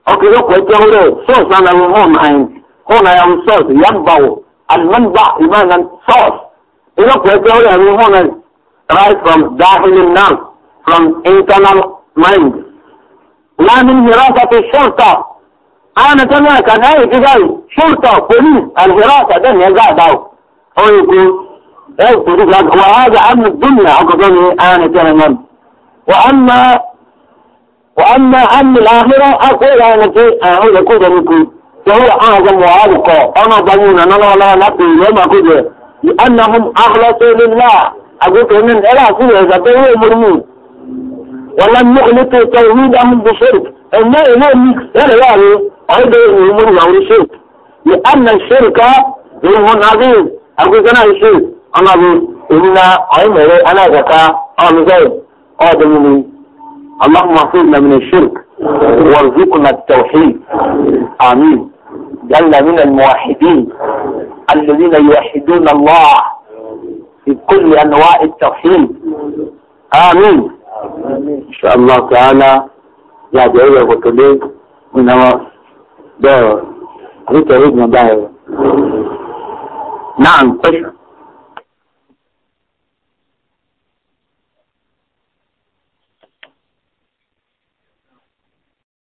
أقول لك ويتغلو صوص أنا وهم عين هنا يوم صوص ينبع المنبع إيمانا صوص إلك ويتغلو من هنا right from داخل الناس from internal mind لا من هراسة الشرطة أنا تمام كان هاي شرطة بوليس الهراسة ده يزعدوا o aa ahụụ a hụ aa ụ agụzọ na nshi ọnọdụ emina anyị mere anagata ọnụzọị ọdịnihu اللهم احفظنا من الشرك وارزقنا التوحيد امين جعلنا من الموحدين الذين يوحدون الله في كل انواع التوحيد امين ان شاء الله تعالى يا دعوه وكليه من دعوه ريت ريت دعوه na'an kwai